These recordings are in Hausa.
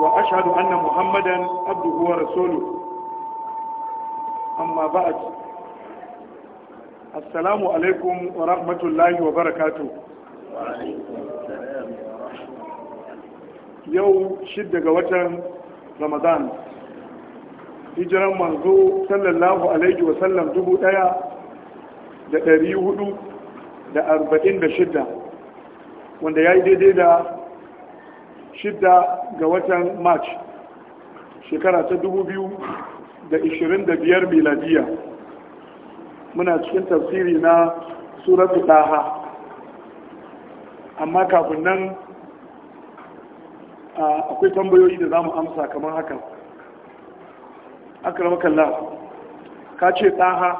وأشهد أن محمدا عبده ورسوله أما بعد السلام عليكم ورحمة الله وبركاته yau shidda ga watan ramadan hijiran manzo sallallahu alaihi wasallam dubu daya da dari hudu da arba'in da shidda wanda ya yi daidai da shidda ga watan march shekara ta da 2025 miladiya muna cikin tafsiri na suratu daha amma kafin nan akwai tambayoyi da za mu amsa kamar haka akwai kalla ka ce daha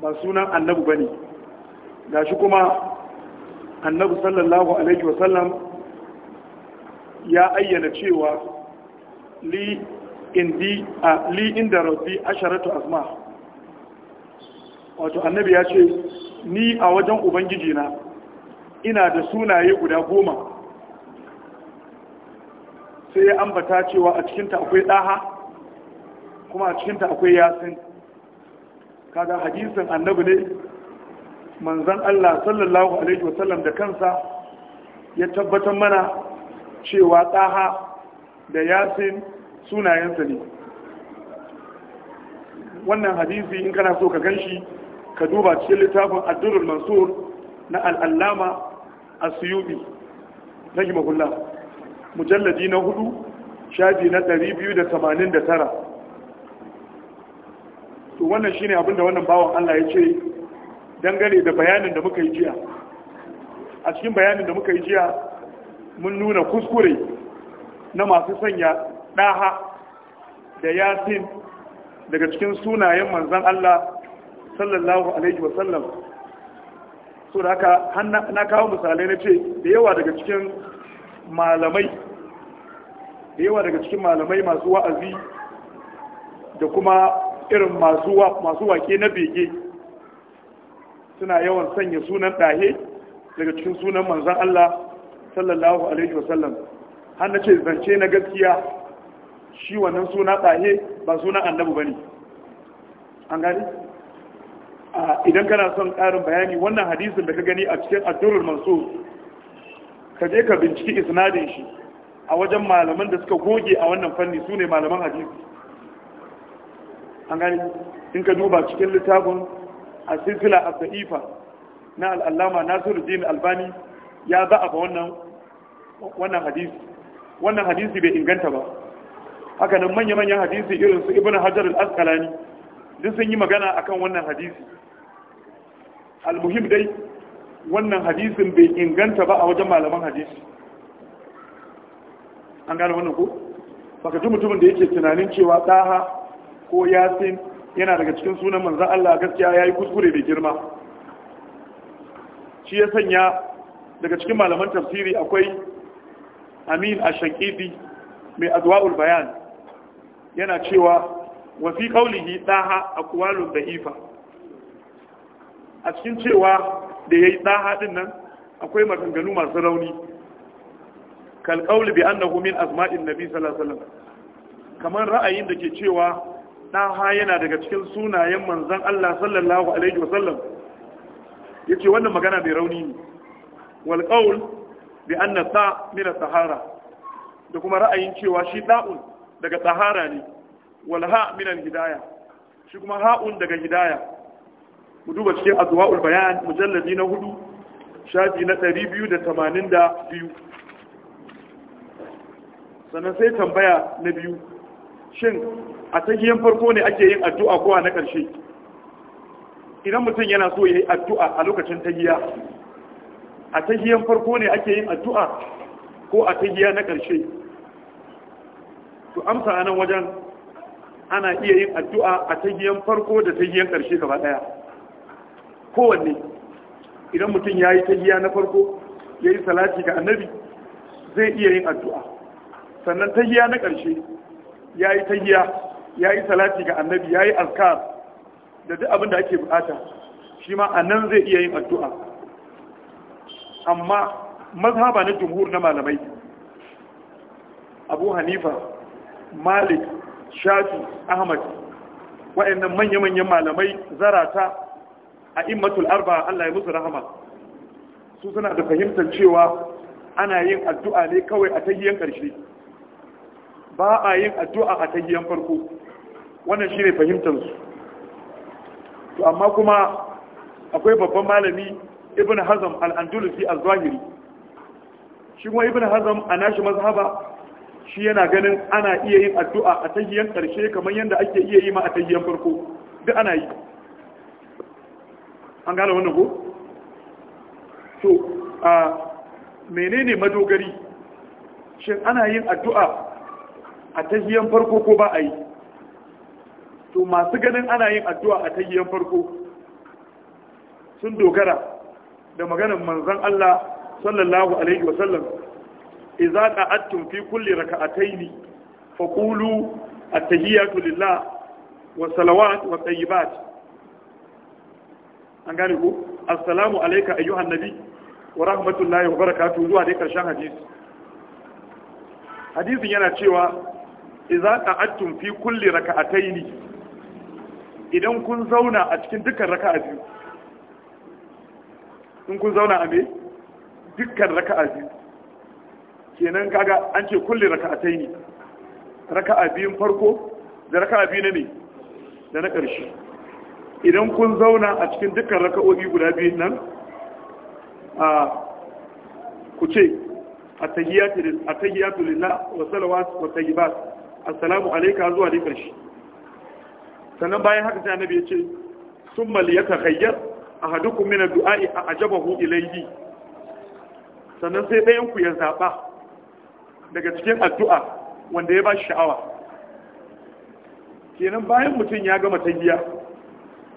ba sunan annabu ba ne ga shi kuma annabu sallallahu alaihi wasallam ya ayyana cewa li indi a li inda rabbi asharatu asma wato annabi ya ce ni a wajen ubangiji na ina da sunaye guda goma sai ya ambata cewa a cikinta akwai daha kuma a cikinta akwai yasin kaga hadisin annabi ne manzan Allah sallallahu alaihi wasallam da kansa ya tabbatar mana cewa taha da yasin sunayensa ne wannan hadisi in kana so ka ganshi ka duba cikin littafin addurul mansur na al'allama asuyubi na mahulla mujalladi na hudu shaji na 289 to wannan shine abinda wannan bawan Allah ya ce dangane da bayanin da muka yi jiya a cikin bayanin da muka yi jiya mun nuna kuskure na masu sanya ɗaha da yasin daga cikin sunayen manzan Allah sallallahu alaihi wasallam so da haka na kawo misalai na ce da yawa daga cikin malamai da yawa daga cikin malamai masu wa'azi da kuma irin masu waƙe na bege suna yawan sanya sunan ɗahe daga cikin sunan manzan Allah sallallahu alaihi wasallam har ce zance na gaskiya shi wannan suna tsaye ba suna annabu ba ne an gani idan kana son ƙarin bayani wannan hadisin da ka gani a cikin addurul masu ka je ka binciki isnadin shi a wajen malaman da suka goge a wannan fanni su ne malaman hadisi an gani in ka duba cikin littafin a silsila a sa'ifa na al'allama nasiru dini albani ya za'afa wannan wannan hadisi wannan hadisi bai inganta ba haka nan manya-manyan hadisi irin su ibn hajar al-asqalani duk sun yi magana akan wannan hadisi al-muhim dai wannan hadisin bai inganta ba a wajen malaman hadisi an gane wannan ko baka ji mutumin da yake tunanin cewa taha ko yasin yana daga cikin sunan manzan Allah gaskiya yayi kuskure mai girma shi ya sanya daga cikin malaman tafsiri akwai amin a shankidi mai adwa'ul bayan yana cewa wafi kaulihi ɗaha a kuwalun da ifa a cikin cewa da ya yi ɗaha ɗin nan akwai maganganu masu rauni kalƙauli bi annahu min asma'in nabi sallallahu kamar ra'ayin da ke cewa ɗaha yana daga cikin sunayen manzan Allah sallallahu Alaihi wasallam ya ce wannan magana mai rauni ne walƙaul bi anna sa min sahara da kuma ra'ayin cewa shi da'un daga sahara ne wal ha min al hidaya shi kuma ha'un daga hidaya mu duba cikin azwaul bayan mujalladi na hudu shafi na 282 sannan sai tambaya na biyu shin a tahiyyar farko ne ake yin addu'a ko a na ƙarshe idan mutum yana so ya yi addu'a a lokacin giya. a tahiyan farko ne ake yin addu'a ko a tahiya na ƙarshe to amsa a nan wajen ana iya yin addu'a a tahiyan farko da tahiyan ƙarshe gaba ɗaya kowanne idan mutum ya yi tahiya na farko ya yi salati ga annabi zai iya yin addu'a sannan tahiya na ƙarshe ya yi tahiya ya yi salati ga annabi ya yi alkar da duk abin da ake bukata shi ma a nan zai iya yin addu'a amma mazhaba na jumhur na malamai abu hanifa malik shafi ahmad wa'annan manya-manyan malamai zarata a immatul arba allah ya musu rahama su suna da fahimtar cewa ana yin addu'a ne kawai a tahiyyar ƙarshe ba a yin addu'a a tahiyyar farko wannan shi ne fahimtarsu amma kuma akwai babban malami ibn hazm al-andalusi al-zahiri shi kuma ibn hazm a nashi mazhaba shi yana ganin ana iya yin addu'a a tahiyyar ƙarshe kamar yadda ake iya yi ma a tahiyyar farko duk ana yi an gane wannan ko to a menene madogari shin ana yin addu'a a tahiyyar farko ko ba a yi to masu ganin ana yin addu'a a tahiyyar farko sun dogara da maganar manzon Allah sallallahu alaihi wasallam idza qa'adtum fi kulli rak'atayn faqulu at-tahiyatu lillah wa salawat wa tayyibat an gane ku assalamu alaika ayyuhan nabi wa rahmatullahi wa barakatu. zuwa dai karshen hadisi hadisin yana cewa idza qa'adtum fi kulli taini idan kun zauna a cikin dukkan a biyu in kun zauna a me dukkan raka'a biyu kenan kaga an ce kulle raka'atai ne raka'a biyun farko da raka'a biyu na ne da na ƙarshe idan kun zauna a cikin dukkan raka'o'i guda biyun nan a ku ce attahiyyatu lillah wa salawat wa tayyibat assalamu alayka zuwa ne ƙarshe sannan bayan haka sai annabi ya ce summa liyataghayyar ahadukum min ad-du'a'i a'jabahu ilayhi sannan sai ɗayan ku ya zaba daga cikin addu'a wanda ya ba shi sha'awa kenan bayan mutum ya gama tahiya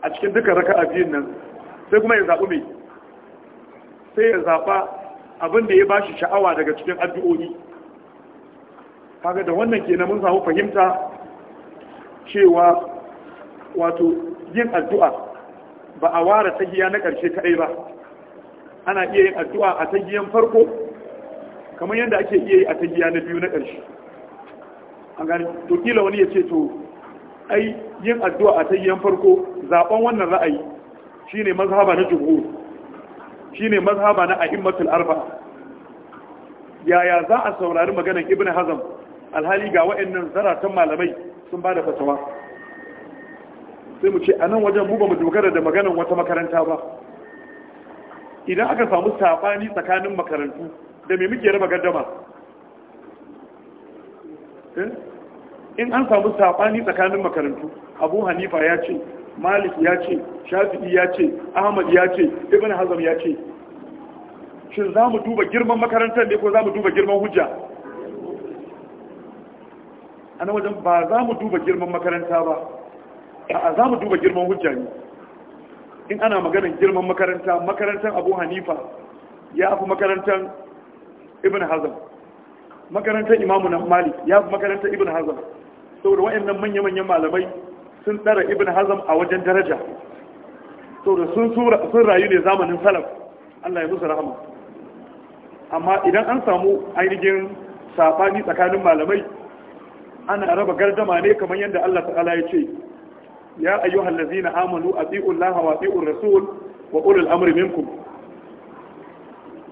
a cikin duka raka'a biyun nan sai kuma ya zaɓi mai sai ya zaba abin da ya ba shi sha'awa daga cikin addu'o'i kaga da wannan kenan mun samu fahimta cewa wato yin addu'a ba a ware tsagiya na ƙarshe kaɗai ba ana iya yin addu'a a tsagiyan farko kamar yadda ake iya yi a tsagiya na biyu na ƙarshe A gani to wani ya ce to ai yin addu'a a tsagiyan farko zaɓen wannan ra'ayi shi ne mazhaba na shi ne mazhaba na a'immatul arba yaya za a saurari maganar ibn hazam alhali ga wa'annan zaratan malamai sun ba da fatawa sai mu ce a nan wajen mu mu dogara da maganar wata makaranta ba idan aka samu saɓani tsakanin makarantu da mai muke raba gaddama eh? in an samu saɓani tsakanin makarantu abu hanifa ya ce malik ya ce shafi'i ya ce ahmad ya ce ibn hazam ya ce shin za mu duba girman makarantar ne ko za mu duba girman hujja a wajen ba za mu duba girman makaranta ba a za mu duba girman hujja ne in ana maganin girman makaranta makarantar abu hanifa ya fi makarantar ibn hazan makarantar imamu na malik ya fi makarantar ibn hazan saboda wa'annan manya-manyan malamai sun tsara ibn hazan a wajen daraja saboda sun rayu ne zamanin salaf allah ya musu rahama amma idan an samu ainihin safani tsakanin malamai ana raba gardama ne kamar yadda allah ta'ala ya ce ya ayyuhal ladzina amanu atiiu Allah wa atiiu Rasul wa ulul amri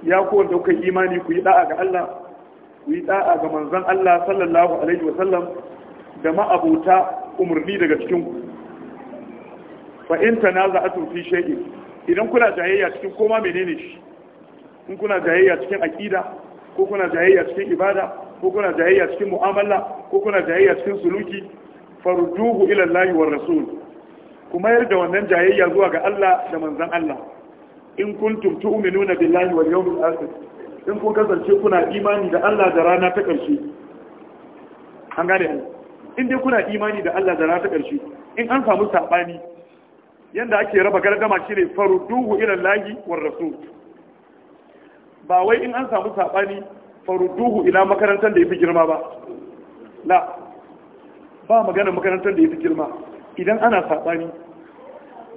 ya ku wanda kuka imani ku yi da'a ga Allah ku yi da'a ga manzon Allah sallallahu alaihi wa sallam da ma'abuta umarni daga cikin ku fa in tanaza'atum fi shay'in idan kuna jayayya cikin koma menene shi in kuna jayayya cikin aqida ko kuna jayayya cikin ibada ko kuna jayayya cikin mu'amala ko kuna jayayya cikin suluki farujuhu ila Allah wa rasul kuma yarda wannan jayayya zuwa ga Allah da manzon Allah in kuntum tu'minuna billahi wal yawmil akhir in kun kasance kuna imani da Allah da rana ta ƙarshe an gane ne in dai kuna imani da Allah da rana ta ƙarshe in an samu sabani yanda ake raba gargama shine farduhu ila Allah war rasul ba wai in an samu sabani farduhu ila makarantar da yafi girma ba la ba magana makarantar da ya fi girma idan ana saɓani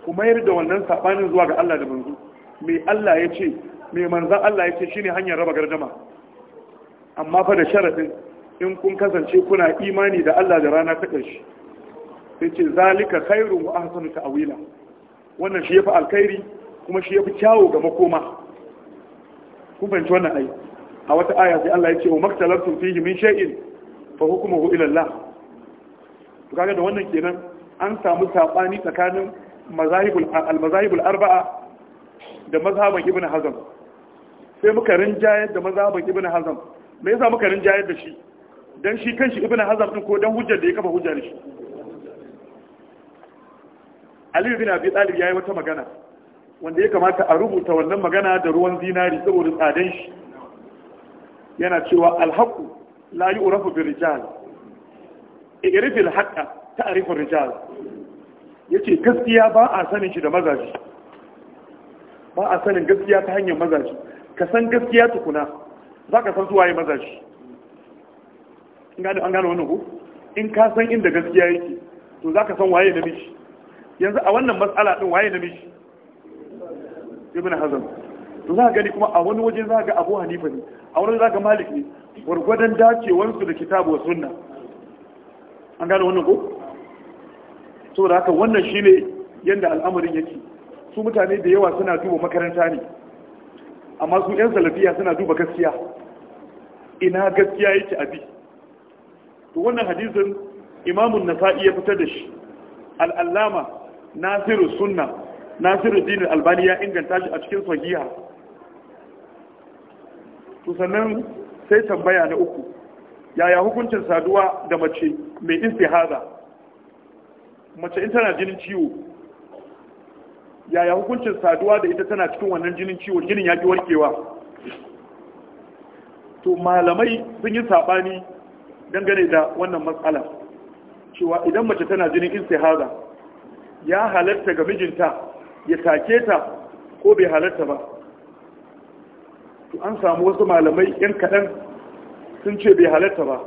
ku mayar da wannan saɓanin zuwa ga Allah da manzo mai Allah ya ce mai manzan Allah ya ce shi ne hanyar raba gardama amma fa da sharaɗin in kun kasance kuna imani da Allah da rana ta ƙarshe sai ce zalika khairun wa ahsanu ta'wila wannan shi yafi alkhairi kuma shi yafi kyawu ga makoma kun fahimci wannan ai a wata aya sai Allah ya ce wa maktalartum fihi min shay'in fa hukmuhu ila Allah kaga da wannan kenan an samu sabani tsakanin mazahibul al-mazahibul arba'a da mazhaban ibnu hazm sai muka rinjayar da mazhaban ibnu hazm me yasa muka rinjaye da shi dan shi kanshi ibnu hazm din ko dan hujjar da ya kafa hujjar shi Ali bin Abi Talib yayi wata magana wanda ya kamata a rubuta wannan magana da ruwan zinari saboda tsadan shi yana cewa alhaqu la yu'rafu rijal irifil haƙa ta arifin rijal ya ce gaskiya ba a sanin shi da mazaji ba a sanin gaskiya ta hanyar mazaji ka san gaskiya tukuna za ka san zuwa yi mazaji an gano wannan ku in ka san inda gaskiya yake to za ka san waye namiji yanzu a wannan matsala ɗin waye namiji ibn hazan to za ka gani kuma a wani waje za ka ga abu hanifa ne a wani za ka malik ne gwargwadon dacewarsu da kitabu wa sunna an gane wannan ko da haka wannan shine yadda al'amarin yake su mutane da yawa suna duba makaranta ne amma su 'yan salafiya suna duba gaskiya ina gaskiya yake abi to wannan hadisin imamun nasa'i ya fitar da shi al'allama nasiru sunna nasiru dinin albani ya inganta shi a cikin sahiha to sannan sai tambaya na uku yaya hukuncin saduwa da mace mai istihaza mace in tana jinin ciwo yaya hukuncin saduwa da ita tana cikin wannan jinin ciwo jinin ya ki warkewa to malamai sun yi saɓani dangane da wannan matsala cewa idan mace tana jinin istihaza ya halarta ga mijinta ya take ta ko bai halarta ba to an samu wasu malamai yan kaɗan sun ce bai halatta ba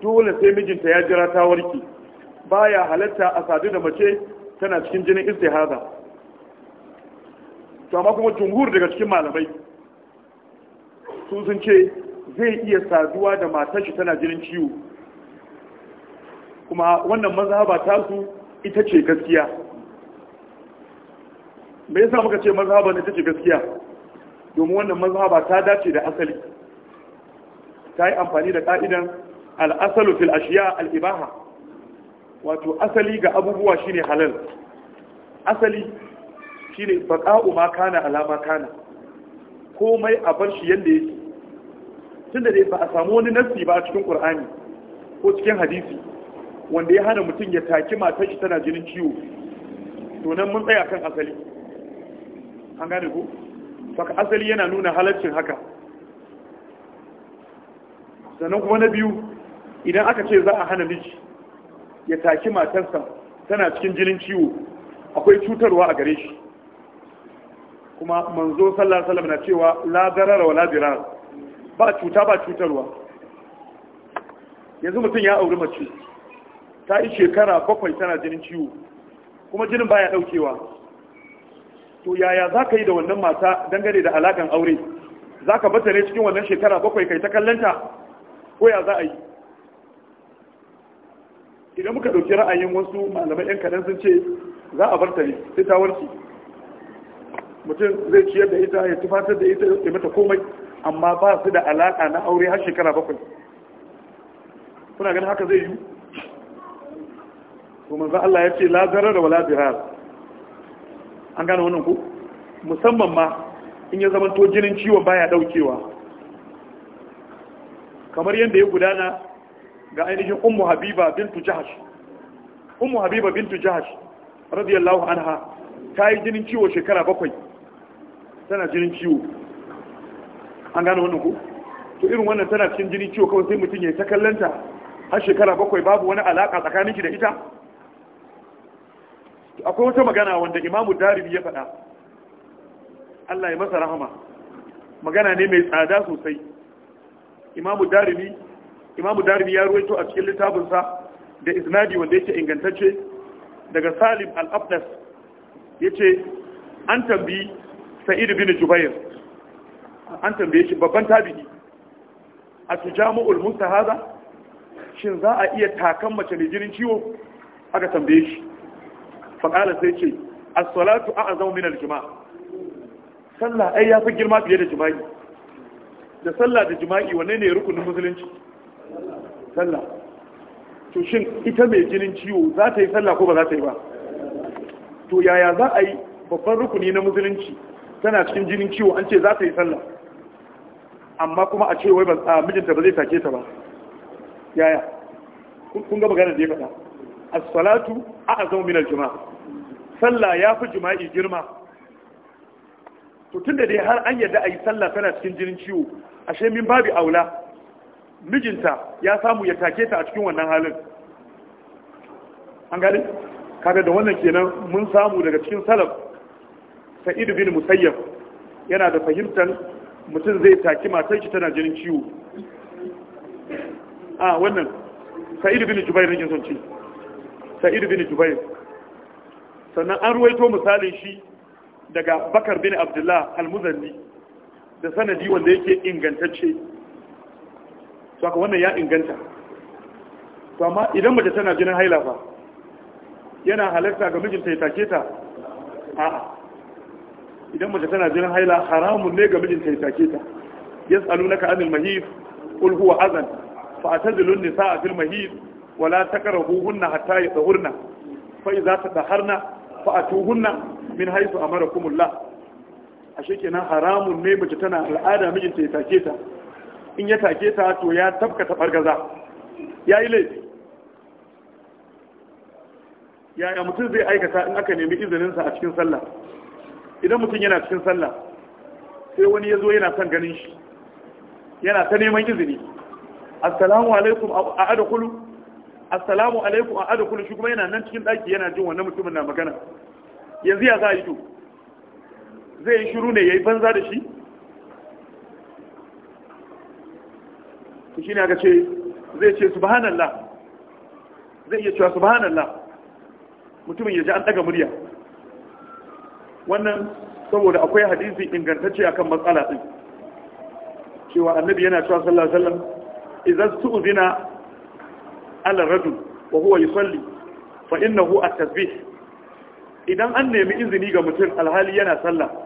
dole sai mijinta ya jira ta warke baya halatta a sadu da mace tana cikin jinin istihaza to amma kuma jumhur daga cikin malamai su sun ce zai iya saduwa da matar shi tana jinin ciwo kuma wannan mazhaba ta su ita ce gaskiya me yasa muka ce mazhaba ne ita ce gaskiya domin wannan mazhaba ta dace da asali ta yi amfani da ka'idan al'asalu fil ashiya al'ibaha wato asali ga abubuwa shine halal asali shine baqa'u ma kana alama kana komai a bar shi yanda yake tunda dai ba a samu wani nassi ba a cikin qur'ani ko cikin hadisi wanda ya hana mutum ya taki matar shi tana jinin ciwo to nan mun tsaya kan asali an gane ko saka asali yana nuna halaccin haka sannan kuma na biyu idan aka ce za a hana miji ya taki matarsa tana cikin jinin ciwo akwai cutarwa a gare shi kuma manzo sallar salam na cewa la wa la ba cuta ba cutarwa yanzu mutum ya auri mace ta yi shekara bakwai tana jinin ciwo kuma jinin baya daukewa to yaya za ka yi da wannan mata dangane da alakan aure za ka bata ne cikin wannan shekara bakwai kai ta kallanta ko ya za a yi idan muka ɗauki ra'ayin wasu malamai 'yan kaɗan sun ce za a barta ne sai ta warke mutum zai ciyar da ita ya tufatar da ita ya mata komai amma ba su da alaƙa na aure har shekara bakwai kuna ganin haka zai yi kuma za Allah ya ce la da wala dirar an gane wannan ku musamman ma in ya zama to jinin ciwon baya daukewa kamar yadda ya gudana ga ainihin umu habiba bintu jahash umu habiba bintu jahash radiyallahu anha ta yi jinin ciwo shekara bakwai tana jinin ciwo an gano wannan ku to irin wannan tana cikin jinin ciwo kawai sai mutum ya ta kallanta har shekara bakwai babu wani alaka tsakanin shi da ita akwai wata magana wanda imamu daribi ya faɗa Allah ya masa rahama magana ne mai tsada sosai imamu darimi ya ruwaito a cikin littafinsa da isnadi wanda yake ingantacce daga salim al-abdas ya ce an tambayi sa'id bin jubair an tambaye shi babban tabi'i a su musta haza? shin za a iya takan mace mai jirin ciwo aka tambaye shi faƙala sai ce as-salatu zama min al jumaa sallah ai yafi girma fiye da jima'i da sallah da jima'i wanne ne rukunin musulunci sallah to shin ita mai jinin ciwo za ta yi sallah ko ba za ta yi ba to yaya za a yi babban rukuni na musulunci tana cikin jinin ciwo an ce za ta yi sallah amma kuma a ce wai ba mijinta ba zai take ta ba yaya kun ga magana da ya faɗa as-salatu a'zamu min al-juma' sallah yafi jima'i girma to tunda dai har an yadda a yi sallah tana cikin jinin ciwo ashe min babi aula mijinta ya samu ya take ta a cikin wannan halin an gani kaga da wannan kenan mun samu daga cikin salaf sa'id bin musayyab yana da fahimtar mutum zai take matar shi tana jinin ciwo a ah, wannan sa'id bin jubair ne son ce sa'id bin jubair sannan an ruwaito misalin shi daga bakar bin abdullah al-muzanni da sanadi wanda yake ingantacce saka wannan ya inganta to amma idan mace tana jinin haila fa yana halarta ga mijinta ya take ta a'a idan mace tana jinin haila haramun ne ga mijinta ya take ta Ya tsalu na yas'alunaka anil mahid qul huwa adhan fa'tazilun nisaa fil mahid wala takrahuhunna hatta yatahurna fa idza tadahharna fa'atuhunna min haythu amarakumullah ashe kenan haramun ne mace tana al'ada mijinta ya take ta in ya take ta to ya tabkata bargaza ya yi laifi yaya mutum zai aikata in aka nemi izininsa a cikin sallah idan mutum yana cikin sallah sai wani ya zo yana son ganin shi yana ta neman izini assalamu alaikum a adakulu assalamu alaikum a adakulu shi kuma yana nan cikin ɗaki yana jin wannan mutumin na magana yanzu ya za a yi to zai yi shiru ne ya yi banza da shi ku shi ne aka ce zai ce subhanallah zai iya cewa subhanallah mutumin ya ji an daga murya wannan saboda akwai hadisi ingantacce akan matsala din cewa annabi yana cewa sallallahu alaihi wasallam idan su'zina ala radu wa huwa yusalli fa innahu at-tasbih idan an nemi izini ga mutum alhali yana sallah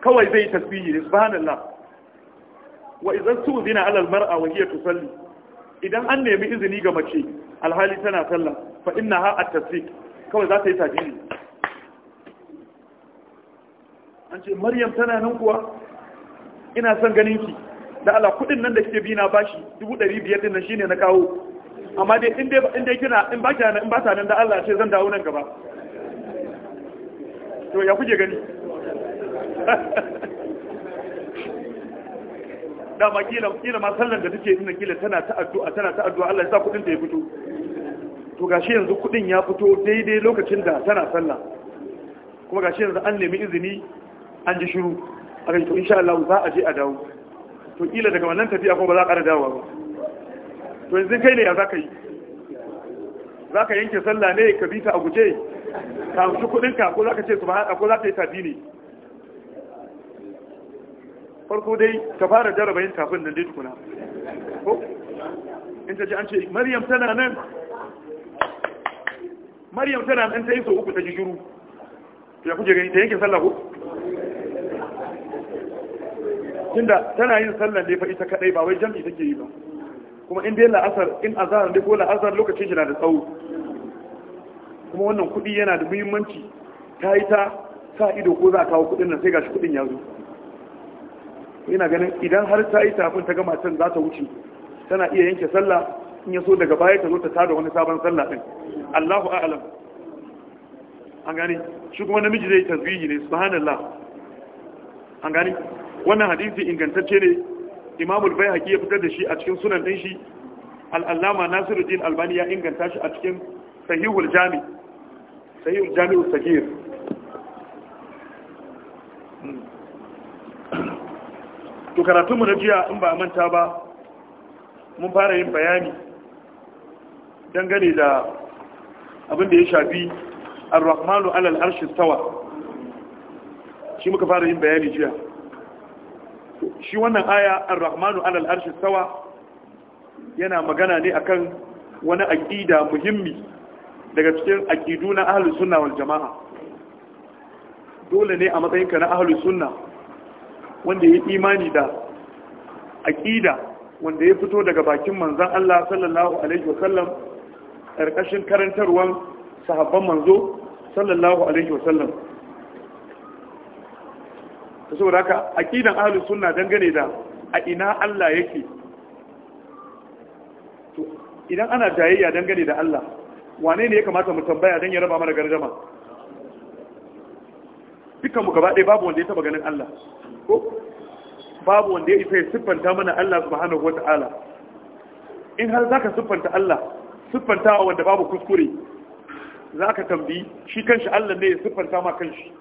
kawai zai tasbihi ne subhanallah wa idan su zina alal mar'a wa hiya tusalli idan an nemi izini ga mace alhali tana sallah fa ha at-tasbih kawai za ta yi tajiri an ce maryam tana nan kuwa ina son ganin ki da ala kudin nan da kike bi na bashi 1500 din nan shine na kawo amma dai in dai in dai kina in ba kina in ba ta nan da Allah ce zan dawo nan gaba to ya kuje gani ma kila kila ma sallan da take ina kila tana ta addu'a tana ta addu'a Allah ya sa kudin da ya fito to gashi yanzu kudin ya fito daidai lokacin da tana sallah kuma gashi yanzu an nemi izini an ji shiru a to insha Allah za a je a dawo to kila daga wannan tafiya ko ba za a ƙara dawowa ba to yanzu kai ne ya zaka yi zaka yanke sallah ne ka bi ta a guje ka shi kudin ka ko zaka ce subhana ko zaka yi tabi ne farko dai ka fara jaraba yin kafin nan dai tukuna ko in ta ji an ce maryam tana nan maryam tana nan ta yi so uku ta ji shiru ya kuje gani ta yanke sallah ko tunda tana yin sallah ne fa ita kadai ba wai jami'i take yi ba kuma in dai la'asar in azhar dai ko la'asar lokacin shi na da tsawo kuma wannan kudi yana da muhimmanci ta yi ta sa ido ko za a kawo kudin nan sai gashi kudin ya zo ina ganin idan har ta yi tafin ta gama can za ta wuce tana iya yanke sallah in ya so daga baya ta zo ta tada wani sabon sallah din Allahu a'lam an gani, shi kuma namiji zai tasbihi ne subhanallah an gani. wannan hadisi ingantacce ne Imam al-Baihaqi ya fitar da shi a cikin sunan din shi al-Allama Nasiruddin Albani ya inganta shi a cikin Sahihul Jami Sahihul Saghir to karatunmu na jiya in ba a manta ba mun fara yin bayani dangane da abin da ya shafi ar-rahmanu alal arshi tawa shi muka fara yin bayani jiya shi wannan aya ar-rahmanu alal arshi tawa yana magana ne akan wani aqida muhimmi daga cikin aqidu na ahlus wal jamaa dole ne a matsayinka na ahlus wanda ya imani da aqida wanda ya fito daga bakin manzon Allah sallallahu alaihi wasallam karkashin karantarwan sahabban manzo sallallahu alaihi wasallam saboda haka aqidan ahlus sunna dangane da a ina Allah yake to idan ana jayayya dangane da Allah wane ne ya kamata mu tambaya don ya raba mana gargama dukkan mu gaba ɗaya babu wanda ya taba ganin Allah ko babu wanda ya isa ya siffanta mana Allah subhanahu ta'ala. in har zaka siffanta Allah siffanta wanda babu kuskure zaka tambayi shi kanshi Allah ne ya siffanta ma kanshi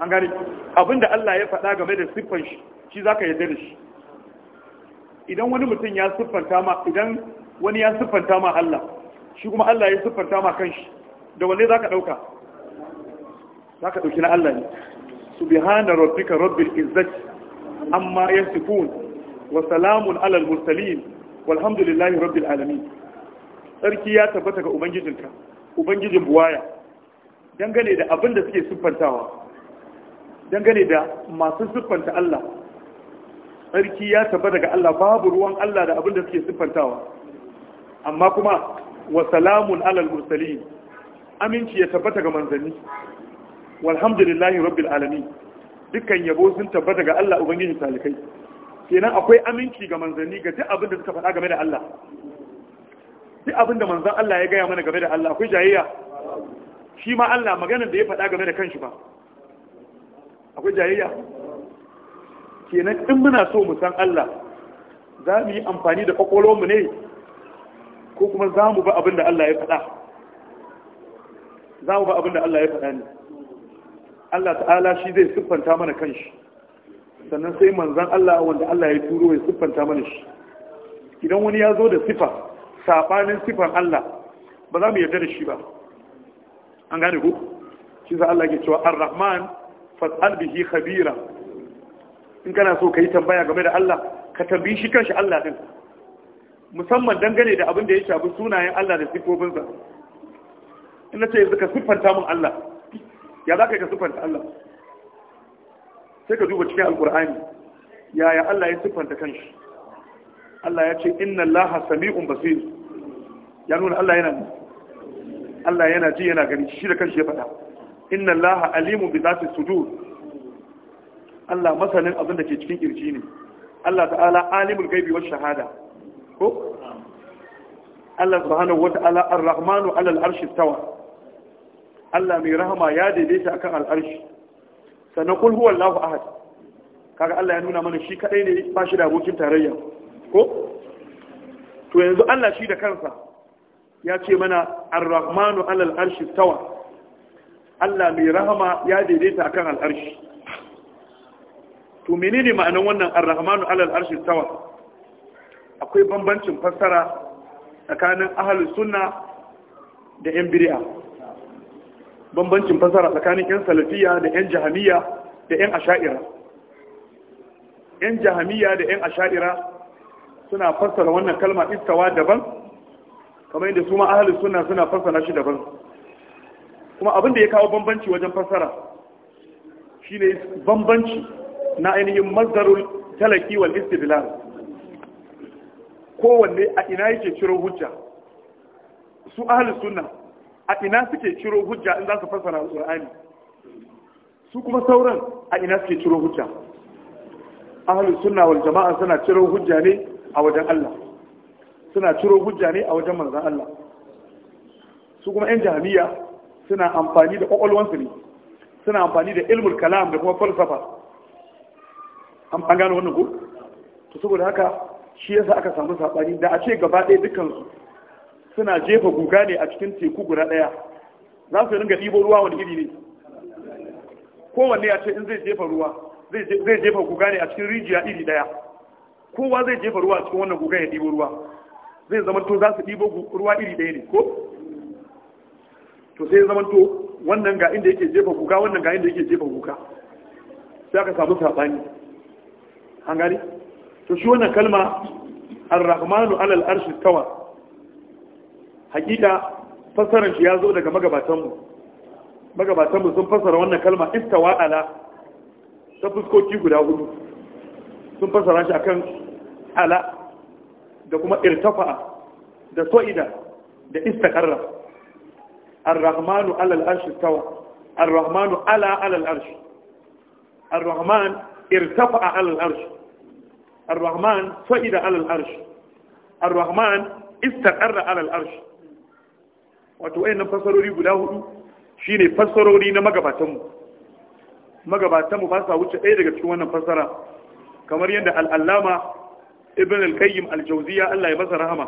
an gani abinda Allah ya faɗa game da siffan shi shi zaka yarda da shi idan wani mutum ya siffanta ma idan wani ya siffanta ma Allah shi kuma Allah ya siffanta ma kanshi da wanne zaka dauka zaka dauki na Allah ne subhana rabbika rabbil izzati amma yasifun wa salamun alal mursalin walhamdulillahi rabbil alamin sarki ya tabbata ga ubangijinka ubangijin buwaya dangane da abin da suke siffantawa dangane da masu siffanta Allah sarki ya tabbata ga Allah babu ruwan Allah da abin da suke siffantawa amma kuma wa salamun alal mursalin aminci ya tabbata ga manzanni walhamdulillahi rabbil alamin dukkan yabo sun tabbata ga Allah ubangiji talikai kenan akwai aminci ga manzanni ga duk abin da suka faɗa game da Allah duk abin da manzan Allah ya gaya mana game da Allah akwai jayayya shi ma Allah maganar da ya faɗa game da kanshi ba akwai jayayya kenan in muna so mu san Allah za mu yi amfani da kwakwalwarmu ne ko kuma za mu ba abin da Allah ya faɗa za mu ba abin da Allah ya faɗa ne Allah ta'ala shi zai siffanta mana kanshi sannan sai manzan Allah wanda Allah ya turo ya siffanta mana shi idan wani ya zo da siffa sabanin siffan Allah ba za mu yarda da shi ba an gane ku shi za Allah ke cewa ar-rahman fas'al bihi khabira in kana so ka yi tambaya game da Allah ka tambayi shi kanshi Allah din musamman dangane da abin da ya shafi sunayen Allah da siffofinsa in na ce yanzu ka siffanta min Allah ya za ka yi ka siffanta Allah sai ka duba cikin alkur'ani yaya Allah ya siffanta kanshi Allah ya ce inna Allah sami'un basir ya nuna Allah yana Allah yana ji yana gani shi da kanshi ya faɗa inna Allah alimun bi zati sudur Allah masanin abin da ke cikin kirji ne Allah ta'ala alimul gaibi wa shahada ko Allah subhanahu wa ta'ala ar-rahmanu 'ala al-arshi istawa Allah mai rahama ya daidaita akan al'arshi sannan kul huwallahu ahad kaga Allah ya nuna mana shi kadai ne ba shi da abokin tarayya ko to yanzu Allah shi da kansa ya ce mana ar-rahmanu alal arshi tawa Allah mai rahama ya daidaita akan al'arshi to menene ma'anar wannan ar-rahmanu alal arshi tawa akwai bambancin fassara tsakanin ahlus sunna da yan bid'a bambancin fasara tsakanin 'yan salafiya da 'yan jahamiya da 'yan asha'ira 'yan jahamiya da 'yan asha'ira suna fassara wannan kalma istawa daban kamar yadda su ma ahalin suna suna fassara shi daban kuma abin da ya kawo bambanci wajen fassara shine bambanci na ainihin mazdarul talaki wal istidlal kowanne a ina yake ciro hujja su ahalin sunna a ina suke ciro hujja in za su fassara alqur'ani su kuma sauran a ina suke ciro hujja ahli sunna wal jama'a suna ciro hujja ne a wajen Allah suna ciro hujja ne a wajen manzon Allah su kuma yan jami'a suna amfani da su ne suna amfani da ilmul kalam da kuma falsafa an gano wannan ku to saboda haka shi yasa aka samu sabani da a ce gaba ɗaya dukkan su suna jefa guga ne a cikin teku guda ɗaya za su ringa ɗibo ruwa wani iri ne kowanne ya ce in zai jefa ruwa zai jefa guga ne a cikin rijiya iri ɗaya kowa zai jefa ruwa a cikin wannan guga ya ɗibo ruwa zai to za su ɗibo ruwa iri ɗaya ne ko to sai zamanto wannan ga inda yake jefa guga wannan ga inda yake jefa guga sai aka samu saɓani an gani to shi wannan kalma ar-rahmanu alal arshi tawa hakika fassarar shi ya zo daga magabatanmu magabatanmu sun fasara wannan kalma istawa ala ta fuskoki guda hudu sun fasara shi akan ala da kuma irtafa'a da so'ida da istakarra ar-rahmanu ala al-arshi tawa ar-rahmanu ala ala arshi ar-rahman irtafa'a ala al-arshi ar-rahman so'ida ala al-arshi ar-rahman istakarra ala al-arshi wato wayannan fassarori guda hudu shine fassarori na magabatanmu magabatanmu ba sa wuce ɗaya daga cikin wannan fassara kamar yadda al'allama ibn al-qayyim al-jawziya Allah ya masa rahama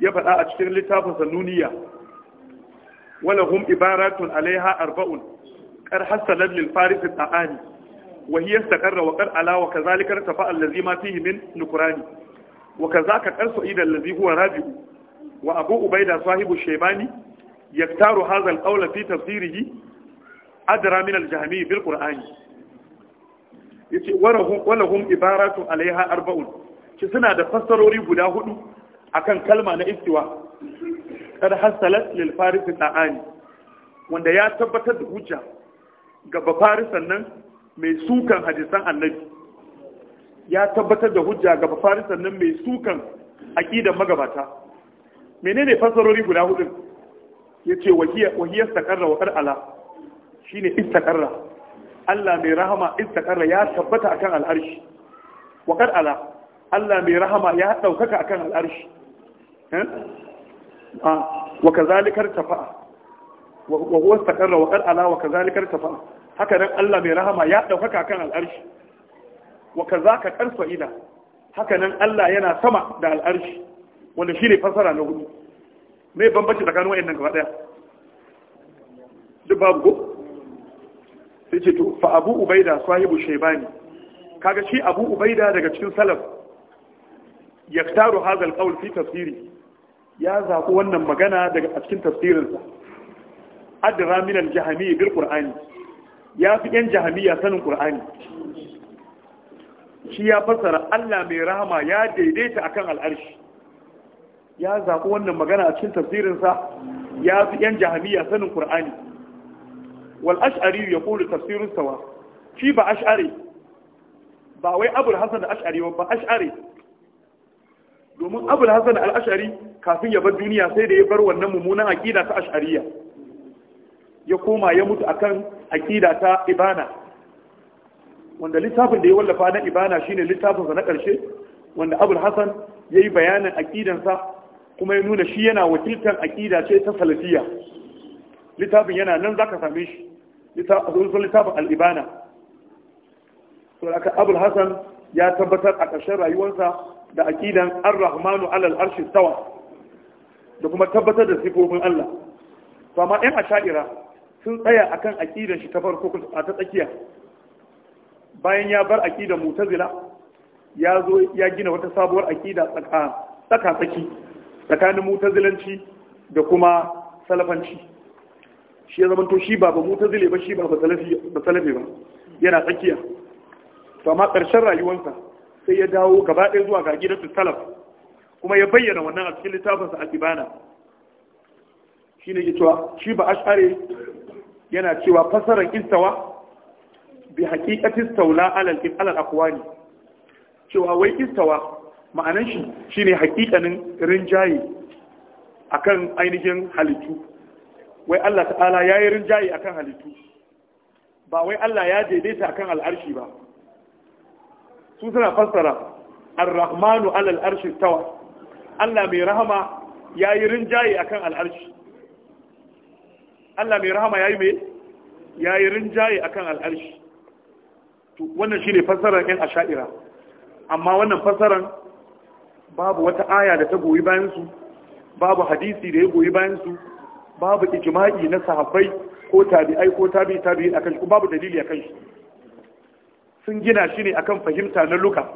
ya faɗa a cikin littafin sanuniya walahum ibaratun alaiha arba'un kar hasalan lil faris al-aani wa hiya istaqarra wa qad ala wa kadhalika tafa allazi ma fihi min nukrani wa kadhaka qarsu ida allazi huwa rabi'u wa abu ubaida sahibu shaibani yaktaru hadha al-qawl fi tafsirihi adra min al bil qur'ani yace warahum walahum ibaratu alaiha arba'un ki suna da fassarori guda hudu akan kalma na istiwa kada hasalat lil faris ta'ani wanda ya tabbatar da hujja ga bafarisan nan mai sukan hadisan annabi ya tabbatar da hujja ga bafarisan nan mai sukan aƙidan magabata menene fasarori guda hudun yace wahiya istakarra wa qad ala shine istakarra Allah mai rahama istakarra ya tabbata akan al'arshi wa qad ala Allah mai rahama ya ɗaukaka akan al'arshi eh? ah, wa kazalika tafa wa huwa istakarra wa qad ala wa kazalika tafa haka nan Allah mai rahama ya ɗaukaka akan al'arshi wa ka ƙarfa ila haka nan Allah yana sama da al'arshi wanda shi ne fasara na hudu me bambanci tsakanin nan gaba daya duk babu ko sai ce to fa abu ubaida sahibu shaybani kaga shi abu ubaida daga cikin salaf yaktaru hazal alqawl fi tafsiri ya zaku wannan magana daga a cikin tafsirinsa adra min aljahmi bil qur'ani ya fi yan jahamiya sanin qur'ani shi ya fasara. Allah mai rahama ya daidaita akan al'arshi ya zaɓi wannan magana a cikin tafsirinsa ya fi ‘yan jahamiya sanin ƙur'ani wal ash'ari ya kori tafsirin sawa shi ba ash'ari ba wai abul hasan da ash'ari ba ash'ari domin abul hasan da al'ashari kafin ya bar duniya sai da ya bar wannan mummunan aƙida ta ash'ariya ya koma ya mutu akan aƙida ta ibana wanda littafin da ya wallafa na ibana shine littafinsa na ƙarshe wanda abul hasan ya yi bayanin aƙidansa kuma ya nuna shi yana wakiltar aƙida ce ta salafiya littafin yana nan za ka same shi littafin al'ibana sau da abul hassan ya tabbatar a ƙarshen rayuwarsa da aƙidan an rahmanu alal arshi tawa da kuma tabbatar da sifofin Allah to amma ɗan asha'ira sun tsaya akan aƙidan shi ta farko a ta tsakiya bayan ya bar aƙidan mutazila ya zo ya gina wata sabuwar aƙida tsaka tsaki tsakanin mutazilanci da kuma salafanci shi ya zamanto shi ba ba mutazile ba shi ba ba salafi ba yana tsakiya to amma ƙarshen rayuwarsa sai ya dawo gaba ɗaya zuwa ga gidan salaf kuma ya bayyana wannan a cikin littafinsa a kibana shi ne cewa shi ba ashare yana cewa fasarar istawa bi haƙiƙatin staula alal akwani cewa wai istawa ma'anan shi shi ne hakikanin rinjaye akan ainihin halittu wai Allah ta'ala ya yi rinjaye a kan halittu ba wai Allah ya daidaita a kan al'arshi ba su suna fassara al rahmanu alal arshi tawa Allah mai rahama ya yi rinjaye a kan al'arshi Allah mai rahama ya yi mai ya yi rinjaye kan al'arshi wannan fassara fassarar yan asha'ira amma wannan fassarar babu wata aya da ta goyi bayan su babu hadisi da ya goyi bayan su babu ijma'i na sahabbai ko tabi'ai ko tabi'i tabi'i akan shi babu dalili akan shi sun gina shi ne akan fahimta na luka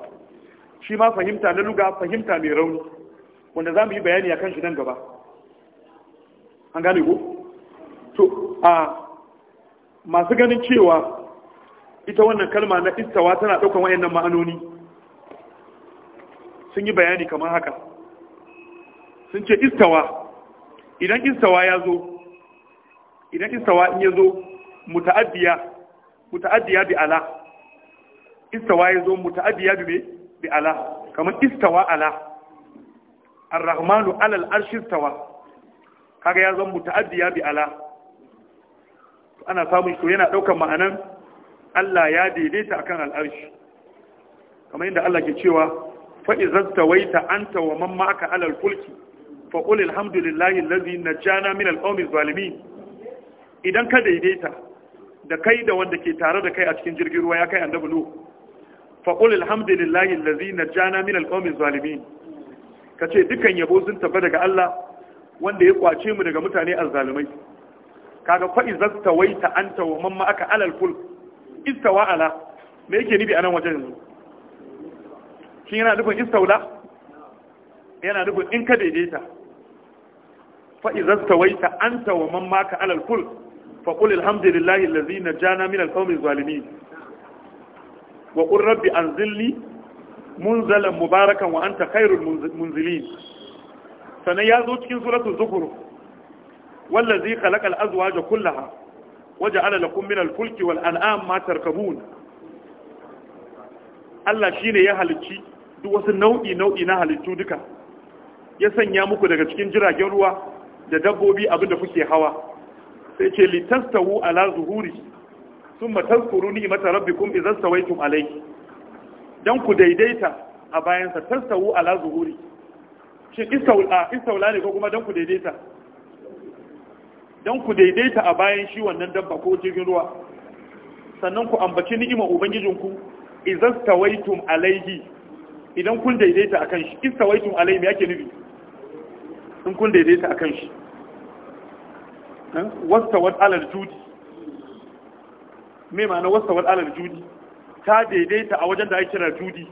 shi ma fahimta na luka fahimta mai rauni wanda za mu yi bayani akan shi nan gaba an gane ko to a masu ganin cewa ita wannan kalma na istawa tana ɗaukar wayannan ma'anoni sun yi bayani kamar haka sun ce istawa idan istawa ya zo idan istawa in ya zo muta'addiya muta'addiya bi ala istawa ya zo muta'addiya bi bi ala kamar istawa ala ar-rahmanu ala al-arshi istawa kaga ya zo muta'addiya bi ala ana samun shi yana daukar ma'anan Allah ya daidaita akan al-arshi kamar yadda Allah ke cewa fa idza stawaita anta wa man ma'aka ala al-fulki fa qul alhamdulillahi alladhi najjana min al-qawmi zalimin idan ka daidaita da kai da wanda ke tare da kai a cikin jirgin ruwa ya kai annabi lu fa qul alhamdulillahi alladhi najjana min al-qawmi zalimin kace dukan yabo sun tafi daga Allah wanda ya kwace mu daga mutane azzalumai kaga fa idza stawaita anta wa mamma aka alal al-fulk istawa ala me yake nibi anan wajen yanzu shi yana nufin istaula yana nufin in ka daidaita fa'izar ta an tawaman maka alal faƙul alhamdulillahi lalazi na jana min alƙaumin zalimi wa ƙun rabbi an zilli munzalan mubarakan wa an ta khairun munzili sannan ya zo cikin suratun zukuru wallazi khalaqa al-azwaja kullaha waja'ala lakum min al-fulki wal an'am ma tarkabun Allah shine ya halicci duk wasu nau'i nau'i na halittu duka ya sanya muku daga cikin jiragen ruwa da dabbobi abin da kuke hawa sai ce litastawu ala zuhuri thumma tazkuru ni'mata rabbikum idza sawaitum alayhi dan ku daidaita a bayan sa tastawu ala zuhuri shin istawla istawla ne ko kuma dan ku daidaita dan ku daidaita a bayan shi wannan dabba ko jirgin ruwa sannan ku ambaci ni'imar ubangijinku idza sawaitum alayhi idan kun daidaita a kan shi istawaitun alai me yake nufi in kun daidaita a kan shi eh? wastawat alal judi me ma'ana wastawat alal judi ta daidaita a wajen da ake kira judi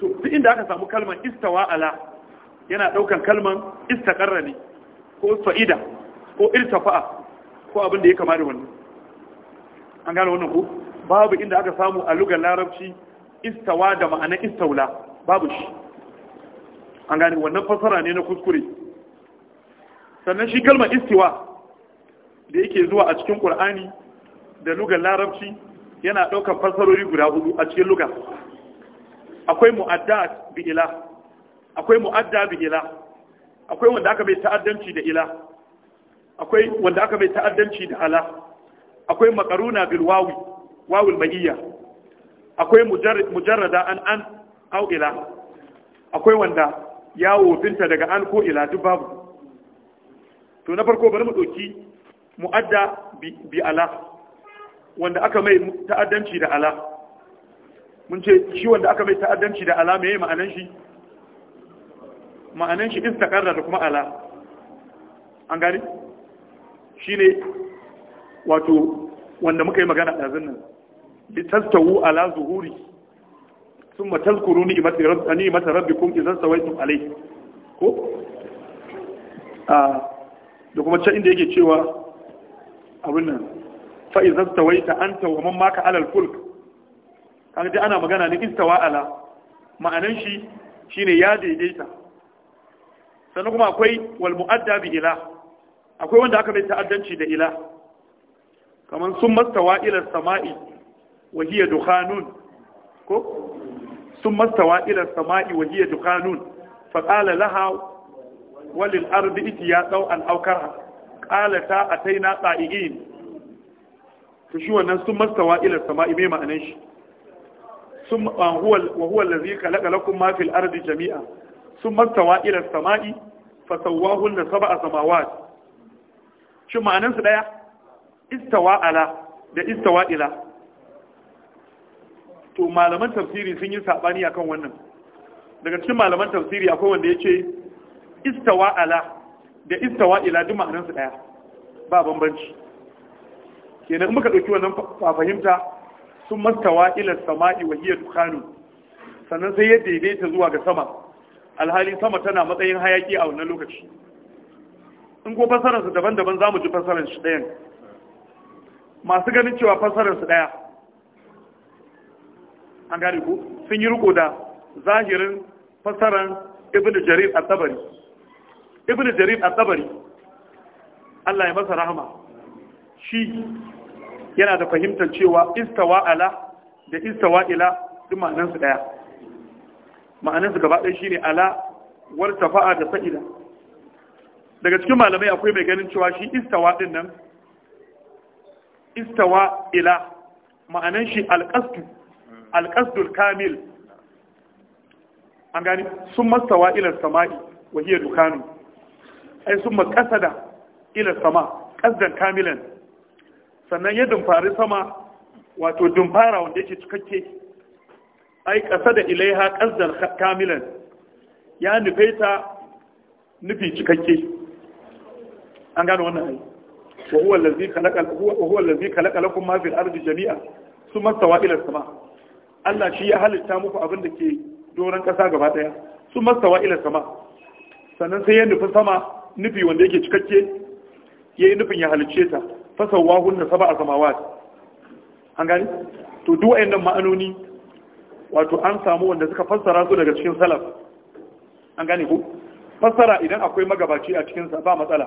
to duk inda aka samu kalmar istawa ala yana daukan kalmar istaqarra ne ko fa'ida ko irtafa'a ko abin da ya kama da wannan an gane wannan ko babu inda aka samu a lugar larabci istawa da ma'anar istaula babu shi an gane wannan fasara ne na kuskure sannan shi kalmar istiwa da yake zuwa a cikin ƙur'ani da lugar larabci yana ɗaukar fasarori guda hudu a cikin lugar akwai mu'adda bi ila akwai mu'adda bi ila akwai wanda aka bai ta'addanci da ila akwai wanda aka bai ta'addanci da ala akwai makaruna bil wawi wawul maiyya akwai mujarrada an an au ila akwai wanda ya wofinta daga an ko ila duk babu to na farko bari mu ɗauki mu'adda bi ala wanda aka mai ta'addanci da ala mun ce shi wanda aka mai ta'addanci da ala meye ma'anan shi ma'anan shi istakarra da kuma ala an gani shi ne wato wanda muka yi magana ɗazin nan litastawu ala zuhuri thumma tazkuru ni'mata rabbikum ni'mata rabbikum idza sawaytum alayhi ko a da kuma can inda yake cewa abin nan fa idza stawaita anta wa man maka ala al-fulk kaga dai ana magana ne istawa ala ma'anan shine ya daidaita sannan kuma akwai wal mu'adda ila akwai wanda aka bai ta'addanci da ila Kamar sun mastawa ila sama'i wahiya dukhanun ko sun mastawa ila sama'i wahiya dukhanun fa qala laha walil ardi itiya daw an aukar qalata wannan sun mastawa ila sama'i mai ma'anan shi sun huwa wa huwa allazi khalaqa lakum ma fil ardi jami'a sun mastawa ila sama'i fa sawwahunna sab'a samawat shi ma'anan su daya istawa da istawa to malaman tafsiri sun yi sabani kan wannan daga cikin malaman tafsiri akwai wanda ya istawa ala da istawa ila duk ma'anansu su daya ba bambanci kenan muka dauki wannan fahimta sun mastawa ila sama'i wa hiya dukhanu sannan sai ya daidaita zuwa ga sama alhali sama tana matsayin hayaki a wannan lokaci in ko fasararsa daban-daban za mu ji fasararsa ɗayan masu ganin cewa fasararsa ɗaya an gane ku sun yi riko da zahirin fasaran ibnu jarir at-tabari ibn jarir at-tabari Allah ya masa rahama shi yana da fahimtar cewa istawa ala da istawa ila duk ma'anansu su daya ma'anar su gaba ɗaya shine ala tafa'a da sa'ida daga cikin malamai akwai mai ganin cewa shi istawa din nan istawa ila ma'anan shi alƙastu alƙasdul kamil an gani sun mastawa ilar sama'i wa hiya dukanu ai sun da ilar sama kasdan kamilan sannan ya dumfari sama wato dumfara wanda yake cikakke ai ƙasa da ilaiha kasdan kamilan ya nufe ta nufi cikakke an gano wannan ai wa huwa allazi khalaqa wa huwa allazi jami'a Sun stawa ila as-sama' Allah shi ya halitta muku abin da ke doron ƙasa gaba ɗaya sun masawa ila sama sannan sai ya nufi sama nufi wanda yake cikakke ya yi nufin ya halicce ta fasawa hunna saba a samawat an gani to duk wayannan ma'anoni wato an samu wanda suka fassara su daga cikin salaf an gane ko fassara idan akwai magabaci a cikin sa ba matsala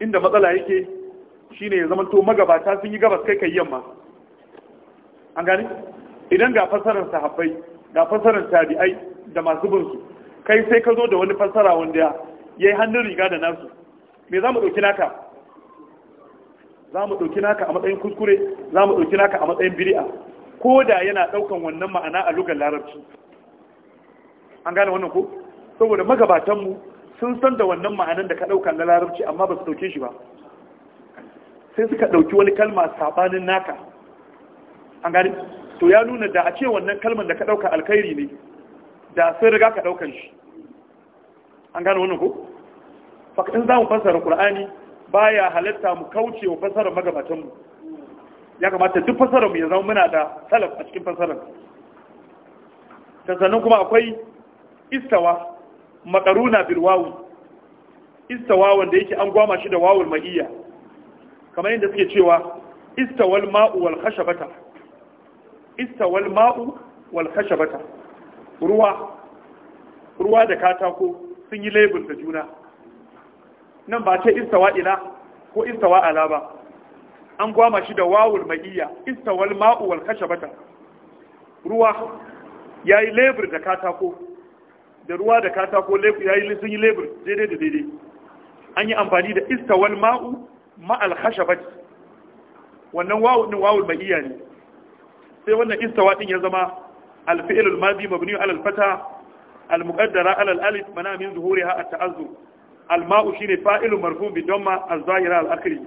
inda matsala yake shine ya zama to magabata sun yi gabas kai kai yamma an gane idan ga fasarar sahabbai ga fasarar tabi'ai da masu bin su kai sai ka zo da wani fasara wanda ya yi hannun riga da nasu me za mu ɗauki naka za mu ɗauki naka a matsayin kuskure za mu ɗauki naka a matsayin biri'a ko da yana ɗaukan wannan ma'ana a lugar larabci an gane wannan ko saboda magabatanmu sun san da wannan ma'anan da ka ɗauka na larabci amma ba su ɗauke shi ba sai suka ɗauki wani kalma saɓanin naka an gane to ya nuna da a ce wannan kalmar da ka ɗauka alkhairi ne da sai riga ka ɗaukan shi an gano wannan ko faƙin za mu fassara ba baya halatta mu kauce wa fassarar magabatanmu ya kamata duk fasarar mu ya zama muna da salaf a cikin fassarar sannan kuma akwai istawa makaruna bil wawu istawa wanda yake an gwama shi da wawul ma'iyya kamar yadda suke cewa istawal mauwal wal khashabata istawal ma'u wal khashabata ruwa ruwa da katako sun yi label da juna nan ba ce istawa ila ko istawa ala ba an gwama shi da wawul ma'iyya istawal ma'u wal khashabata ruwa yayi label da katako da ruwa da katako yayi sun yi label daidai da daidai an yi amfani da istawal ma'u ma'al khashabati wannan wawul din wawul ma'iyya ne sai wannan istawa din ya zama al-fi'l al-madi mabni ala al-fata al-muqaddara ala al-alif mana min zuhuriha at-ta'azzur al-ma'u shine fa'ilun marfu bi damma az-zahira al akhri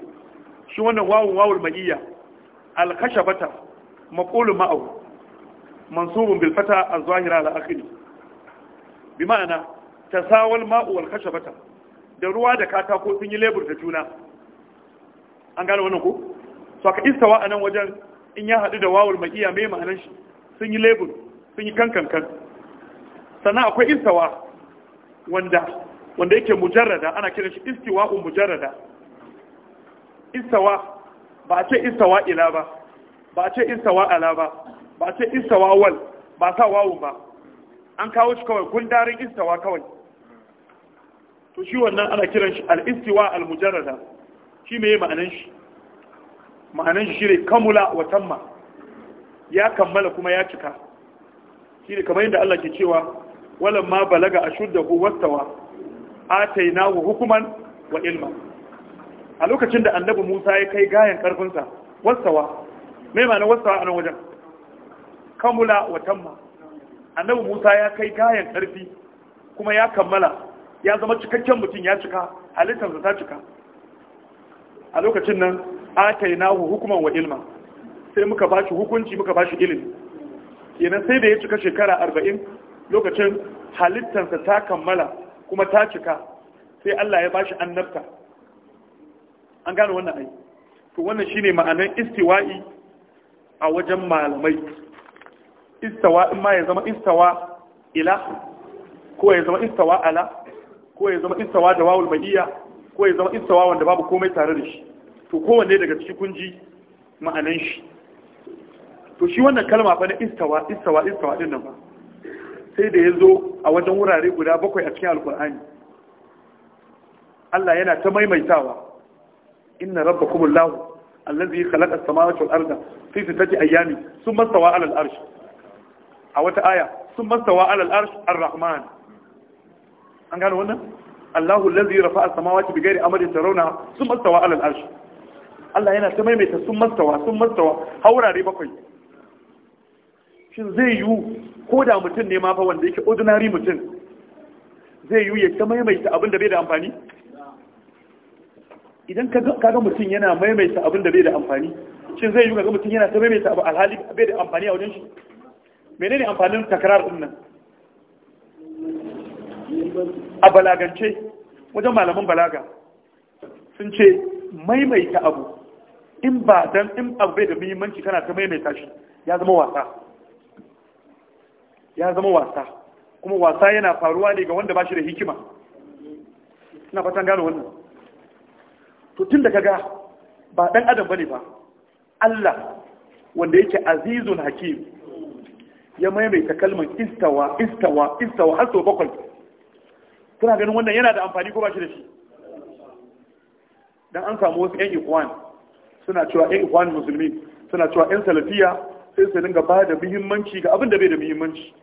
shi wannan wawu wawul ma'iyya al-khashabata maqulu ma'u mansubun bil fata az-zahira al akhri bi ma'ana tasawal ma'u wal khashabata da ruwa da katako sun yi lebur da juna an gane wannan ko so ka istawa anan wajen in ya haɗu da wawar maƙiya mai ma'anar shi sun yi lebur sun yi kankankan sannan akwai istawa wanda wanda yake mujarrada ana kiran shi istiwa'un mujarrada istawa ba a ce istawa ila ba ba a ce istawa ala ba ba a ce istawa wal ba sa wawun ba an kawo shi kawai gundarin istawa kawai to shi wannan ana kiran shi al-istiwa al-mujarrada shi me ma'anar shi Ma'anin shi kamula wa tamma ya kammala kuma ya cika ne kamar yadda Allah ke cewa walan ma balaga ashuddahu wastawa wa hukuman wa ilma a lokacin da annabi Musa ya kai gayan karfin sa wastawa me ma'anar wastawa a nan wajen kamula wa tamma annabi Musa ya kai gayan karfi kuma ya kammala ya zama cikakken mutum ya cika halittarsa ta cika a lokacin nan atainahu hukuman wa ilma sai muka bashi hukunci muka bashi ilimi kenan sai da ya cika shekara arba'in lokacin halittarsa ta kammala kuma ta cika sai Allah ya bashi annabta an gane wannan ai to wannan shine ma'anar istiwa'i a wajen malamai istawa in ma ya zama istawa ila ko ya zama istawa ala ko ya zama istawa da wawul iya, ko ya zama istawa wanda babu komai tare da shi to kowanne daga cikin ji ma'anan shi to shi wannan kalma fa na istawa istawa istawa din nan ba sai da ya zo a wajen wurare guda bakwai a cikin alqur'ani Allah yana ta maimaitawa inna rabbakumul Allah allazi khalaqa as-samawati wal arda fi sittati ayami thumma stawa 'ala al-arsh a wata aya thumma stawa 'ala al-arsh ar-rahman an gano wannan Allahu allazi rafa'a as-samawati bighairi amadin tarawna thumma stawa 'ala al-arsh Allah yana ta maimaita sun mastawa sun mastawa haurare bakwai shin zai yiwu ko da mutum ne ma fa wanda yake ordinary mutum zai yiwu ya ta maimaita abin da bai da amfani idan ka ga mutum yana maimaita abin da bai da amfani shin zai yiwu ga mutum yana ta maimaita abu alhali bai da amfani a wajen shi menene amfanin takarar din nan a balagance wajen malaman balaga sun ce maimaita abu in ba dan in abu bai da muhimmanci kana ta maimaita shi ya zama wasa ya zama wasa kuma wasa yana faruwa ne ga wanda ba shi da hikima ina fatan gano wannan to tun da kaga ba dan adam bane ba Allah wanda yake azizun hakim ya maimaita kalmar istawa istawa istawa har sau bakwai kuna ganin wannan yana da amfani ko ba shi da shi dan an samu wasu yan ikwani suna cewa ƴan ikwani musulmi suna cewa 'yan salafiya sai su dinga ba da muhimmanci ga abin da bai da muhimmanci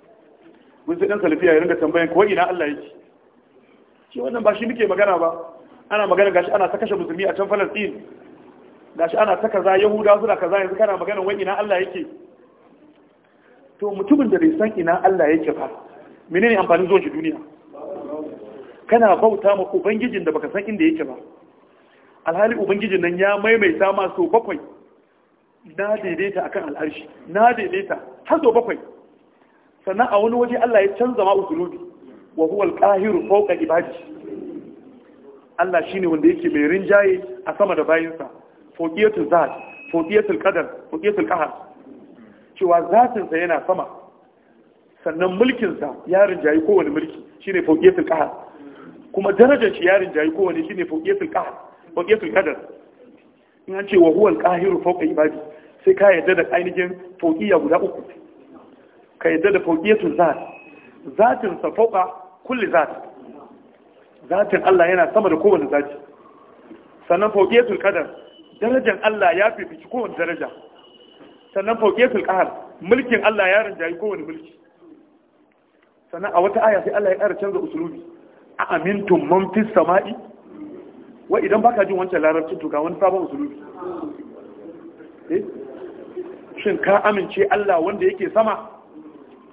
mun sai ɗan salafiya ya dinga tambayan ko ina Allah yake shi wannan ba shi muke magana ba ana magana gashi ana ta kashe musulmi a can Falastin gashi ana ta kaza Yahudawa suna kaza yanzu kana magana wai ina Allah yake to mutumin da bai san ina Allah yake ba menene amfanin zuwan shi duniya kana bauta ma ubangijin da baka san inda yake ba alhali ubangiji nan ya maimaita ma so bakwai na daidaita akan al'arshi na daidaita har so bakwai sannan a wani waje Allah ya canza ma usulubi wa huwa al-qahiru fawqa ibadi Allah shine wanda yake mai rinjaye a sama da bayinsa fawqiyatul zat fawqiyatul qadar fawqiyatul qahar cewa zatin sa yana sama sannan mulkin sa ya rinjaye kowane mulki shine fawqiyatul qahar kuma darajar shi ya rinjaye kowane shine fawqiyatul qahar fawqiyatul ƙadar ina ce wa huwan al fauƙa ibadi sai ka yadda da ainihin fauƙiya guda uku ka yadda da fawqiyatul zat zatin sa fauƙa kulli zat zatin Allah yana sama da kowane zati sannan fawqiyatul ƙadar darajar Allah ya fifici kowane daraja sannan fawqiyatul ƙahar mulkin Allah ya rinjayi kowane mulki sannan a wata aya sai Allah ya ƙara canza usulubi a amintun man fis sama'i wa idan baka jin wancan larabcin to ga wani sabon usulubi eh? shin ka amince Allah wanda yake sama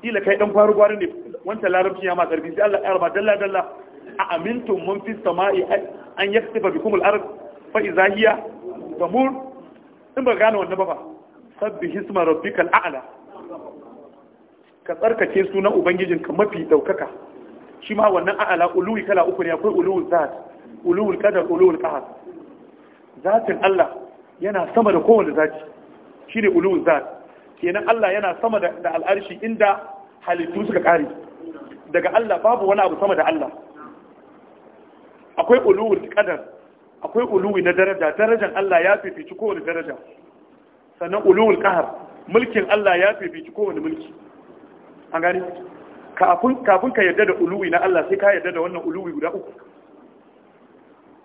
ila kai dan faru gwarin ne wancan larabcin ya ma karfi sai Allah ya raba dalla dalla a amintum mun fi sama'i an yaktiba bikum al-ard fa idha hiya tamur in ba gane wannan ba fa sabbihi isma rabbikal a'la ka tsarkake sunan ubangijinka mafi daukaka shi ma wannan a'ala uluwi kala uku ne akwai uluwi zat ulul qadar ulul qahar zatin Allah yana sama da kowanne Shi ne ulul zat kenan Allah yana sama da al'arshi inda halittu suka kare daga Allah babu wani abu sama da Allah akwai ulul qadar akwai uluwi na daraja darajan Allah ya fifici kowane daraja sannan ulul qahar mulkin Allah ya fifici kowane mulki an gani kafin ka yarda da uluwi na Allah sai ka yarda da wannan uluwi guda uku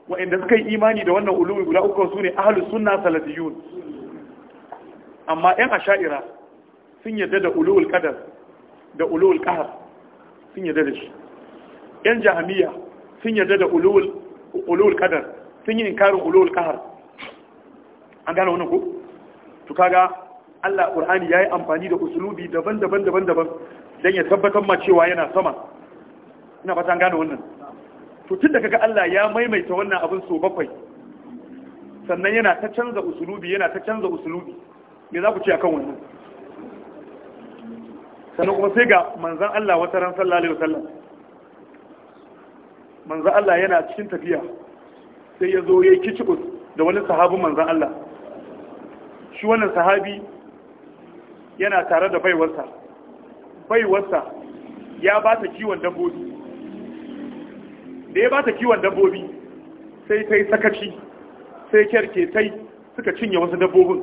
Waɗanda suka yi imani da wannan ulumi guda uku su ne ahalu sunna salatiyun amma yan asha'ira sun yadda da ulul qadar da ulul qahar sun yadda da shi yan jahamiya sun yadda da ulul ulul qadar sun yi inkarin ulul qahar an gane wannan ko to kaga Allah Qur'ani yayi amfani da usulubi daban-daban daban-daban dan ya tabbatar ma cewa yana sama ina fata an gane wannan to tun da kaga Allah ya maimaita wannan abin so bakwai sannan yana ta canza usulubi yana ta canza usulubi me za ku ce akan wannan sannan kuma sai ga manzan Allah wata ran sallallahu alaihi wasallam manzan Allah yana cikin tafiya sai ya zo yayi kicibus da wani sahabin manzan Allah shi wannan sahabi yana tare da baiwarsa baiwarsa ya ba ta kiwon dabbobi da ya ba ta kiwon dabbobi sai ta yi sakaci sai kyarke tai suka cinye wasu dabbobin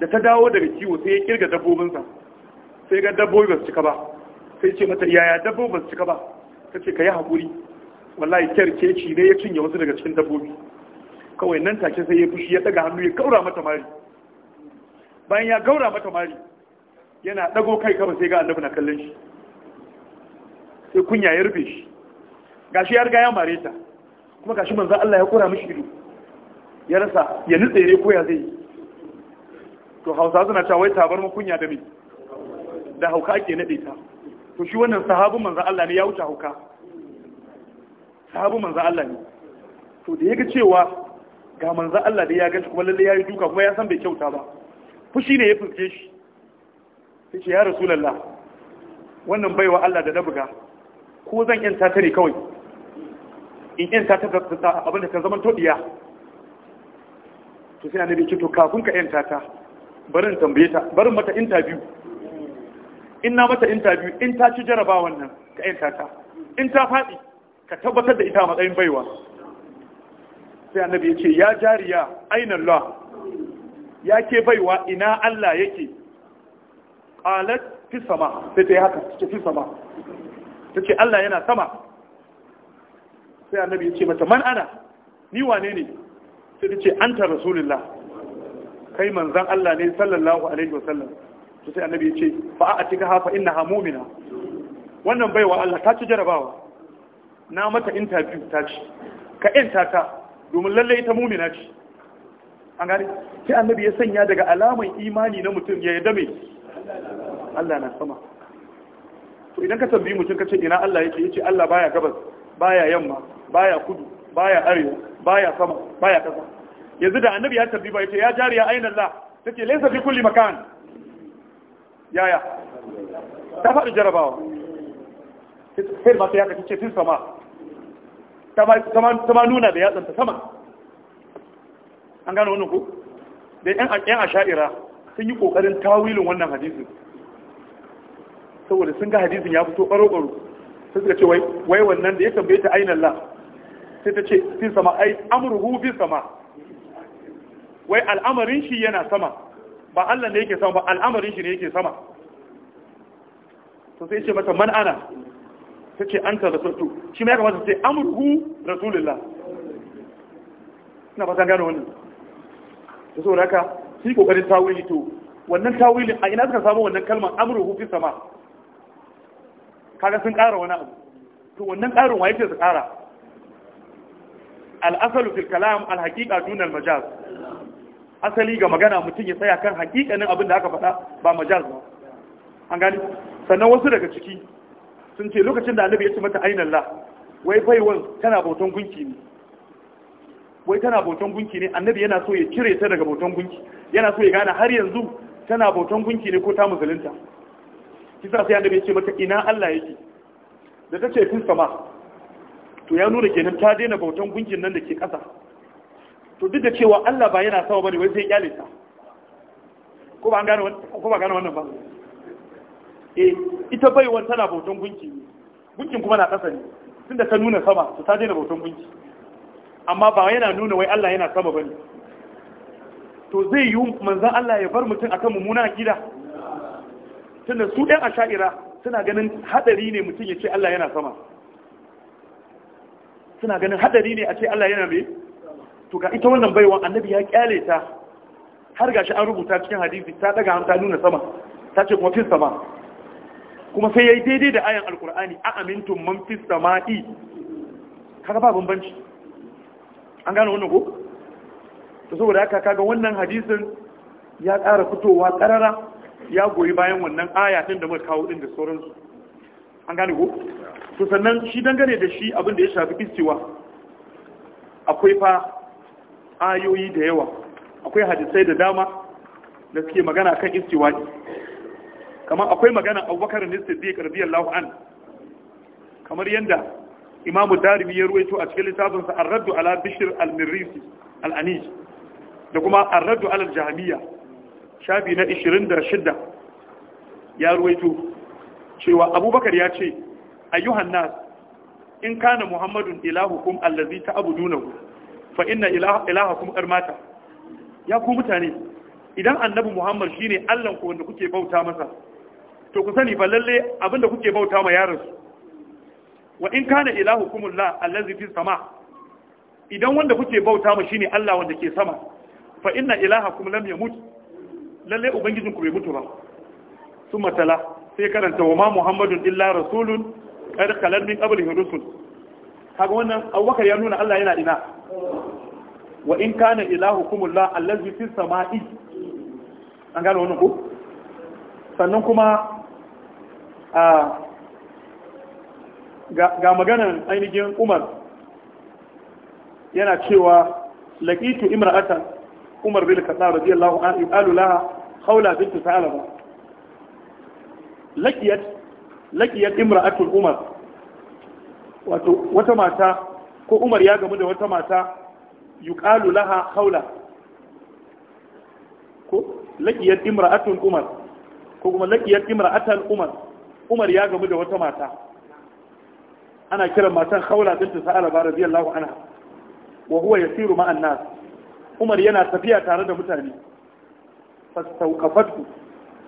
da ta dawo daga kiwo sai ya kirga dabbobinsa sai ga dabbobi ba su cika ba sai ce mata yaya dabbobi ba su cika ba ta ce ka yi haƙuri wallahi kyarke ci ne ya cinye wasu daga cikin dabbobi kawai nan take sai ya fushi ya daga hannu ya gaura mata mari bayan ya gaura mata mari yana dago kai kawai sai ga annabi na kallon shi sai kunya ya rufe shi gashi ya riga ya mare ta kuma gashi manzo Allah ya kura mishi ido ya rasa ya nutsere ko ya zai to Hausa suna cewa wai tabar mu kunya da me da hauka ake nade ta to shi wannan sahabu manzo Allah ne ya wuce hauka sahabu manzo Allah ne to da yake cewa ga manzo Allah da ya gashi kuma lalle yi duka kuma ya san bai kyauta ba fushi ne ya fuske shi sai ya rasulullah wannan baiwa Allah da dabuga ko zan yanta ta ne kawai in yanta ta abinda ta zama tobiya to sai annabi ce to kafin ka yanta ta barin tambaye ta barin mata interview in na mata interview in ta ci jaraba wannan ka yanta ta in ta faɗi ka tabbatar da ita a matsayin baiwa sai annabi nabi ce ya jariya aina Allah ya ke baiwa ina Allah yake qalat fi sama sai ta yi haka ta ce fi sama ta ce Allah yana sama sai annabi ya ce mata man ana ni wane ne sai ta ce anta rasulullah kai manzan Allah ne sallallahu alaihi wasallam to sai annabi ya ce fa a tika hafa innaha mu'mina wannan baiwa Allah ta ci jarabawa na mata interview ta ci ka yanta ta domin lalle ita mu'mina ce an gane sai annabi ya sanya daga alaman imani na mutum ya yadda mai Allah na sama to idan ka tambayi mutum ka ce ina Allah yake yace Allah baya gabas baya yamma baya kudu baya arewa baya sama baya kasa yanzu da annabi ya tarbiba yace ya jariya ayin Allah take laysa fi kulli makan yaya ta faɗi jarabawa sai ba ta yaka kace fil sama ta ma nuna da yatsan ta sama an gano wannan ku da yan asha'ira sun yi kokarin tawilin wannan hadisin saboda sun ga hadisin ya fito baro baro sai suka ce wai wannan da ya tambaye ta ainihin Allah sai ta ce fi sama ai amruhu fi sama wai al'amarin shi yana sama ba Allah ne yake sama ba al'amarin shi ne yake sama to sai ce mata man ana ta ce anta rasultu shi mai ya kamata sai amruhu rasulullah ina ba san gano wannan to so raka shi kokarin tawili to wannan tawilin a ina suka samu wannan kalmar amruhu fi sama kaga sun ƙara wani abu to wannan ƙarin wa yake su ƙara al'asalu fil kalam al haqiqa majaz asali ga magana mutum ya tsaya kan haƙiƙanin abin da aka faɗa ba majaz ba an gani sannan wasu daga ciki sun ce lokacin da annabi ya ci mata ainihin la wai baiwan tana bautan gunki ne wai tana bautan gunki ne annabi yana so ya cire ta daga bautan gunki yana so ya gane har yanzu tana bautan gunki ne ko ta musulunta kisa sai annabi ya ce mata ina Allah yake da ta ce fin sama to ya nuna kenan ta daina bautan gungin nan da ke ƙasa to duk da cewa Allah ba yana sama bane wai sai ya lissa ko ba gane ko ba gane wannan ba eh ita wannan tana bautan gunki gunkin kuma na ƙasa ne tunda ta nuna sama to ta daina bautan gunki amma ba yana nuna wai Allah yana sama bane to zai yi manzan Allah ya bar mutum akan mummuna akida tunda su ɗan asha'ira suna ganin hadari ne mutum ya ce Allah yana sama suna ganin hadari ne a ce Allah yana mai to ga ita wannan baiwan annabi ya kyale ta har gashi an rubuta cikin hadisi ta daga hamta nuna sama ta ce kuma fis sama kuma sai yayi daidai da ayan alkur'ani a amintum man fis sama'i kaga ba bambanci an gane wannan ko to saboda haka kaga wannan hadisin ya ƙara fitowa ƙarara ya goyi bayan wannan aya din da muka kawo din da sauransu an gane ko to sannan shi dangane da shi abin da ya shafi istiwa akwai fa ayoyi da yawa akwai hadisai da dama da suke magana kan istiwa kamar akwai magana abubakar ne siddiq radiyallahu an kamar yadda imamu darimi ya ruwaito a cikin littafinsa an raddu ala bishir al-mirrisi al da kuma an raddu ala jami'a, shafi na 26 ya ruwaito cewa abubakar ya ce ayyuhan nas in kana muhammadun ilahukum allazi ta'budunahu fa inna ilahakum qarmata ya ku mutane idan annabi muhammad shine allan ku wanda kuke bauta masa to ku sani ba lalle abinda kuke bauta ma yaron wa in kana ilahukum allah allazi fi sama idan wanda kuke bauta ma shine allah wanda ke sama fa inna ilahakum lam yamut lalle ubangijinku bai mutu ba summa tala sai karanta wa ma muhammadun illa rasulun qad khalal min qablihi rusul kaga wannan abubakar ya nuna Allah yana ina wa in kana ilahukumullah allazi fis sama'i an gano wannan ku? sannan kuma ga maganan ainihin Umar yana cewa laqitu imra'atan Umar bin Khattab radiyallahu anhu qalu laha khawla bint Salama laqiyat laqiyat imra'atul umar wato wata mata ko umar ya gamu da wata mata yuqalu laha haula ko laqiyat imra'atul umar ko kuma laqiyat imra'atul umar umar ya gamu da wata mata ana kiran matan haula bintu sa'alaba radiyallahu anha wa huwa yasiru ma'an nas umar yana tafiya tare da mutane fastauqafatu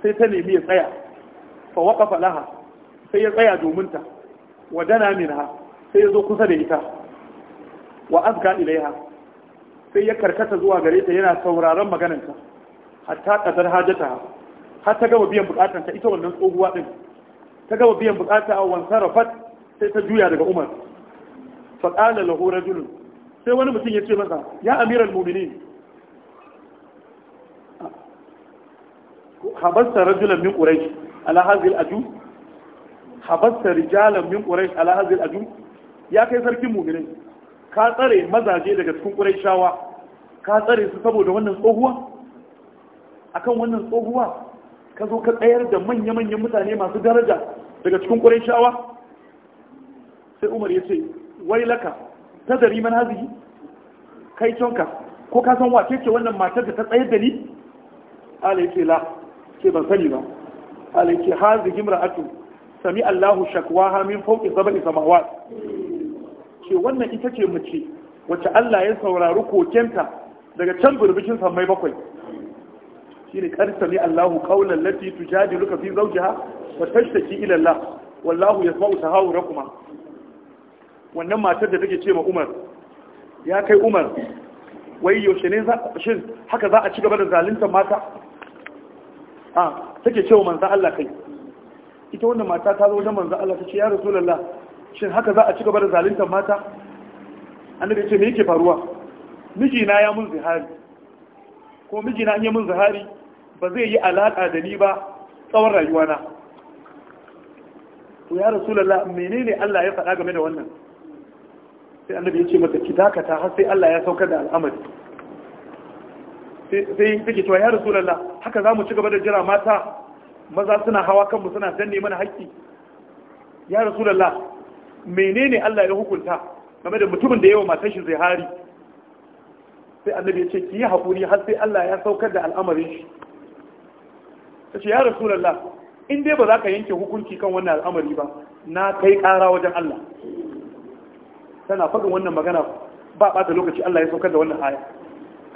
sai ta nemi ya tsaya fa waqafa laha sai ya tsaya domin ta wa dana minha sai ya zo kusa da ita wa azka ilaiha sai ya karkata zuwa gare ta yana sauraron maganarta hatta kadar hajata har ta gaba biyan bukatar ta ita wannan tsohuwa din ta gaba biyan bukata a wansa rafat sai ta juya daga umar fa qala lahu rajul sai wani mutum ya ce masa ya amiral mu'minin habasta rajulan min quraish ala hadhihi al-ajud habasta rijalan min ƙurai ala a duk ya kai sarkin mu'minai ka tsare mazaje daga cikin shawa? ka tsare su saboda wannan tsohuwa akan wannan tsohuwa ka zo ka tsayar da manya-manyan mutane masu daraja daga cikin shawa? sai umar ya ce wai laka ta dari man hazihi kai canka, ko ka san wace ce wannan matar da ta tsayar da ni ala ce la ce ban sani ba ala yace hazihi imra'atu sami Allahu shakwaha min fawqi sab'i samawat ce wannan ita ce mace wacce Allah ya saurari kokenta daga can burbushin samai bakwai shine kar sami Allahu qawlan lati tujadiluka fi zawjiha wa tashtaki ila Allah wallahu yasma'u tahawurakuma wannan matar da take ce ma Umar ya kai Umar wai yaushe ne shin haka za a ci gaba da zalunta mata a take cewa manzo Allah kai ita wanda mata ta zo wajen manzo Allah tace ce ya rasulullah shin haka za a ci gaba da zaluntar mata annabi ya ce me yake faruwa mijina ya mun zihari ko mijina an yi mun zihari ba zai yi alaka da ni ba tsawon na to ya rasulullah menene Allah ya faɗa game da wannan sai annabi ya ce maka ki dakata har sai Allah ya saukar da al'amari sai take cewa ya rasulullah haka za mu ci gaba da jira mata maza suna hawa kanmu suna danne mana haƙƙi ya rasulullah menene Allah ya hukunta game da mutumin da yawa matar shi zai hari sai annabi ya ce ki yi haƙuri har sai Allah ya saukar da al'amarin shi ta ce ya rasulallah in dai ba za ka yanke hukunci kan wannan al'amari ba na kai ƙara wajen Allah tana faɗin wannan magana ba ɓata lokaci Allah ya saukar da wannan aya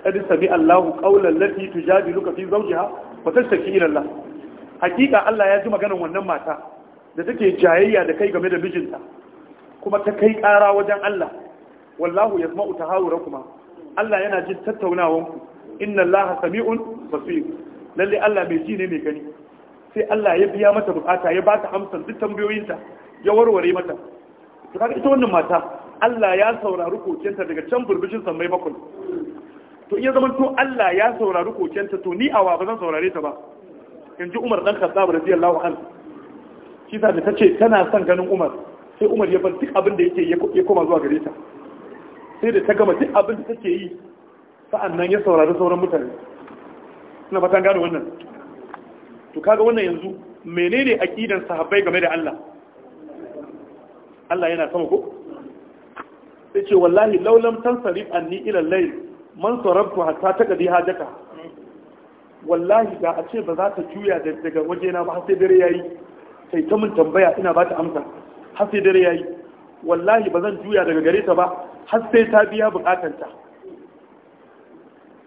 qad sami Allahu qawlan lati tujadiluka fi zawjiha wa tashtaki ila Allah hakika Allah ya ji maganar wannan mata da take jayayya da kai game da mijinta kuma ta kai ƙara wajen Allah wallahu yasma'u tahawurakuma Allah yana jin tattaunawanku inna Allah sami'un basir lalle Allah mai ji ne mai gani sai Allah ya biya mata bukata ya bata amsa duk tambayoyinta ya warware mata to kaga ita wannan mata Allah ya saurari kokenta daga can burbushin sammai bakul to iya zaman to Allah ya saurari kokenta to ni awa ba zan saurare ta ba in ji umar ɗan kasa radiyallahu anhu shi sa da ta ce tana son ganin umar sai umar ya bar duk abin da yake ya koma zuwa gare ta sai da ta gama duk abin da take yi sa'an nan ya saurari sauran mutane suna fatan gano wannan to kaga wannan yanzu menene aqidan sahabbai game da Allah Allah yana sama ko sai ce wallahi laulam tansarif anni ila al-layl man sarabtu hatta taqdi hajaka wallahi da a ce ba za ta juya daga wajena ba har sai dare yayi sai ta mun tambaya ina ba ta amsa har sai dare yayi wallahi ba zan juya daga gare ta ba har sai ta biya bukatanta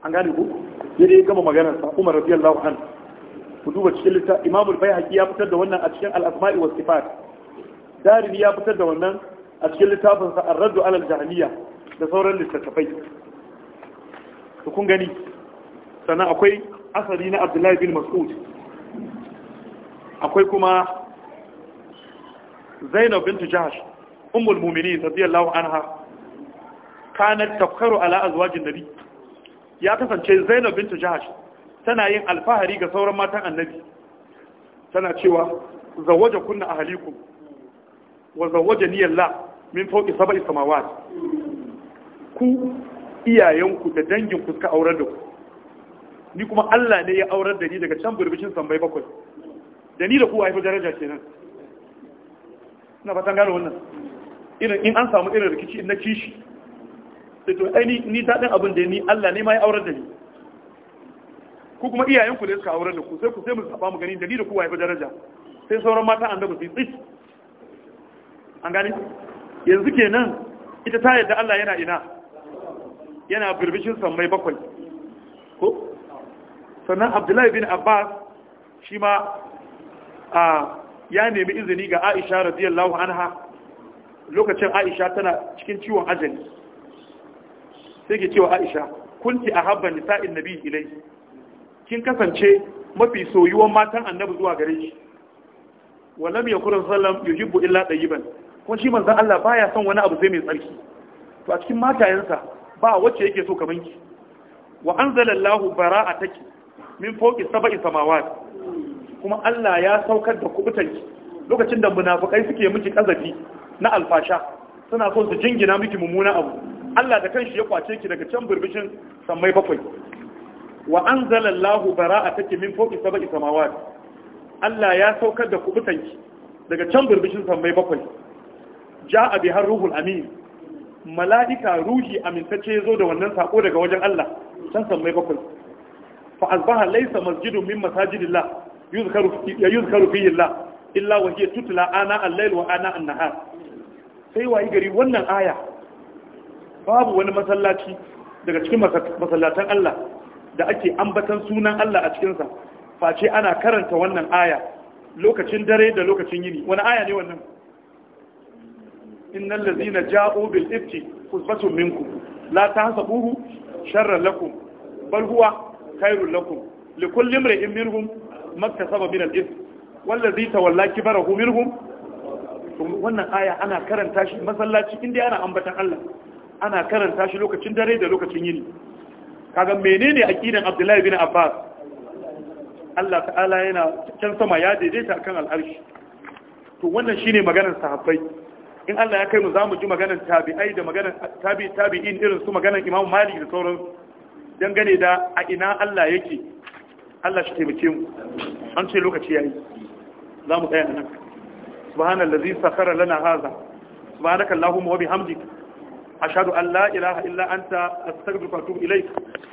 an gane ku ya dai gama maganar sa Umar radiyallahu anhu ku duba cikin littafin Imam al-Baihaqi ya fitar da wannan a cikin al-Asma'i was Sifat Darimi ya fitar da wannan a cikin littafin sa Ar-Radd 'ala al-Jahmiyya da sauran littattafai ku kun gani sannan akwai asali na abdullahi bin mas'ud akwai kuma zainab bintu jahash ummul mu'minin radiyallahu anha kanat tafkaru ala azwajin nabi ya kasance zainab bintu jahash tana yin alfahari ga sauran matan annabi tana cewa zawaja kunna ahalikum wa zawaja niyalla min fawqi sab'i samawat ku iyayenku da danginku suka aurar da ku ni kuma Allah ne ya aurar da ni daga can burbishin sambai bakwai da ni da ku haifar daraja nan? ina fatan gano wannan in an samu irin rikici na kishi da to ai ni daɗin abin da ni Allah ne ma ya aurar da ni ku kuma iyayenku ne suka aurar da ku sai ku sai mu saba mu gani da ni da ku haifar daraja sai sauran mata annabi su yi tsit an gane? yanzu kenan ita ta yadda Allah yana ina yana birbishin sammai bakwai ko sannan abdullahi bin abbas shi ma ya nemi izini ga aisha radiyallahu anha lokacin aisha tana cikin ciwon ajali sai ke cewa aisha kunti a habban nisa'in nabi ilai kin kasance mafi soyuwan matan annabi zuwa gare shi wallam yakun sallam yuhibbu illa tayyiban kun shi manzan Allah baya son wani abu sai mai tsarki to a cikin matayensa ba wacce yake so kaman ki wa anzalallahu bara'ataki min fawqi sab'i samawat kuma Allah ya saukar da ki lokacin da munafikai suke miki kazafi na alfasha suna son su jingina miki mummuna abu Allah da kanshi ya kwace ki daga can burbushin sammai bakwai wa anzala Allahu bara'ataki min fawqi sab'i samawat Allah ya saukar da ki daga can burbushin sammai bakwai ja'a bi har ruhul amin mala'ika ruhi amintacce zo da wannan sako daga wajen Allah can sammai bakwai fa asbaha laysa masjidun min masajidillah yuzkaru yuzkaru fihi Allah illa wa hiya tutla ana al-layl wa sai wayi gari wannan aya babu wani masallaci daga cikin masallatan Allah da ake ambatan sunan Allah a cikin sa face ana karanta wannan aya lokacin dare da lokacin yini wani aya ne wannan innal ladzina ja'u bil ifki usbatun minkum la tahsabuhu sharran lakum bal huwa khairul lakum li kulli imrin minhum maktasaba min al-ithm wallazi tawalla kibarahu minhum wannan aya ana karanta shi masallaci inda ana ambatan Allah ana karanta shi lokacin dare da lokacin yini kaga menene aqidan Abdullahi bin Abbas Allah ta'ala yana can sama ya daidaita akan al'arshi to wannan shine maganar sahabbai in Allah ya kai mu zamu ji maganar tabi'ai da maganar tabi'in irin su maganar Imam Malik da sauransu dangane da a ina Allah yake Allah shi taimake mu an ce lokaci yayi za mu tsaya nan subhanallazi sakhara lana hadha subhanaka allahumma wa bihamdika ashhadu an la ilaha illa anta astaghfiruka wa atubu ilaik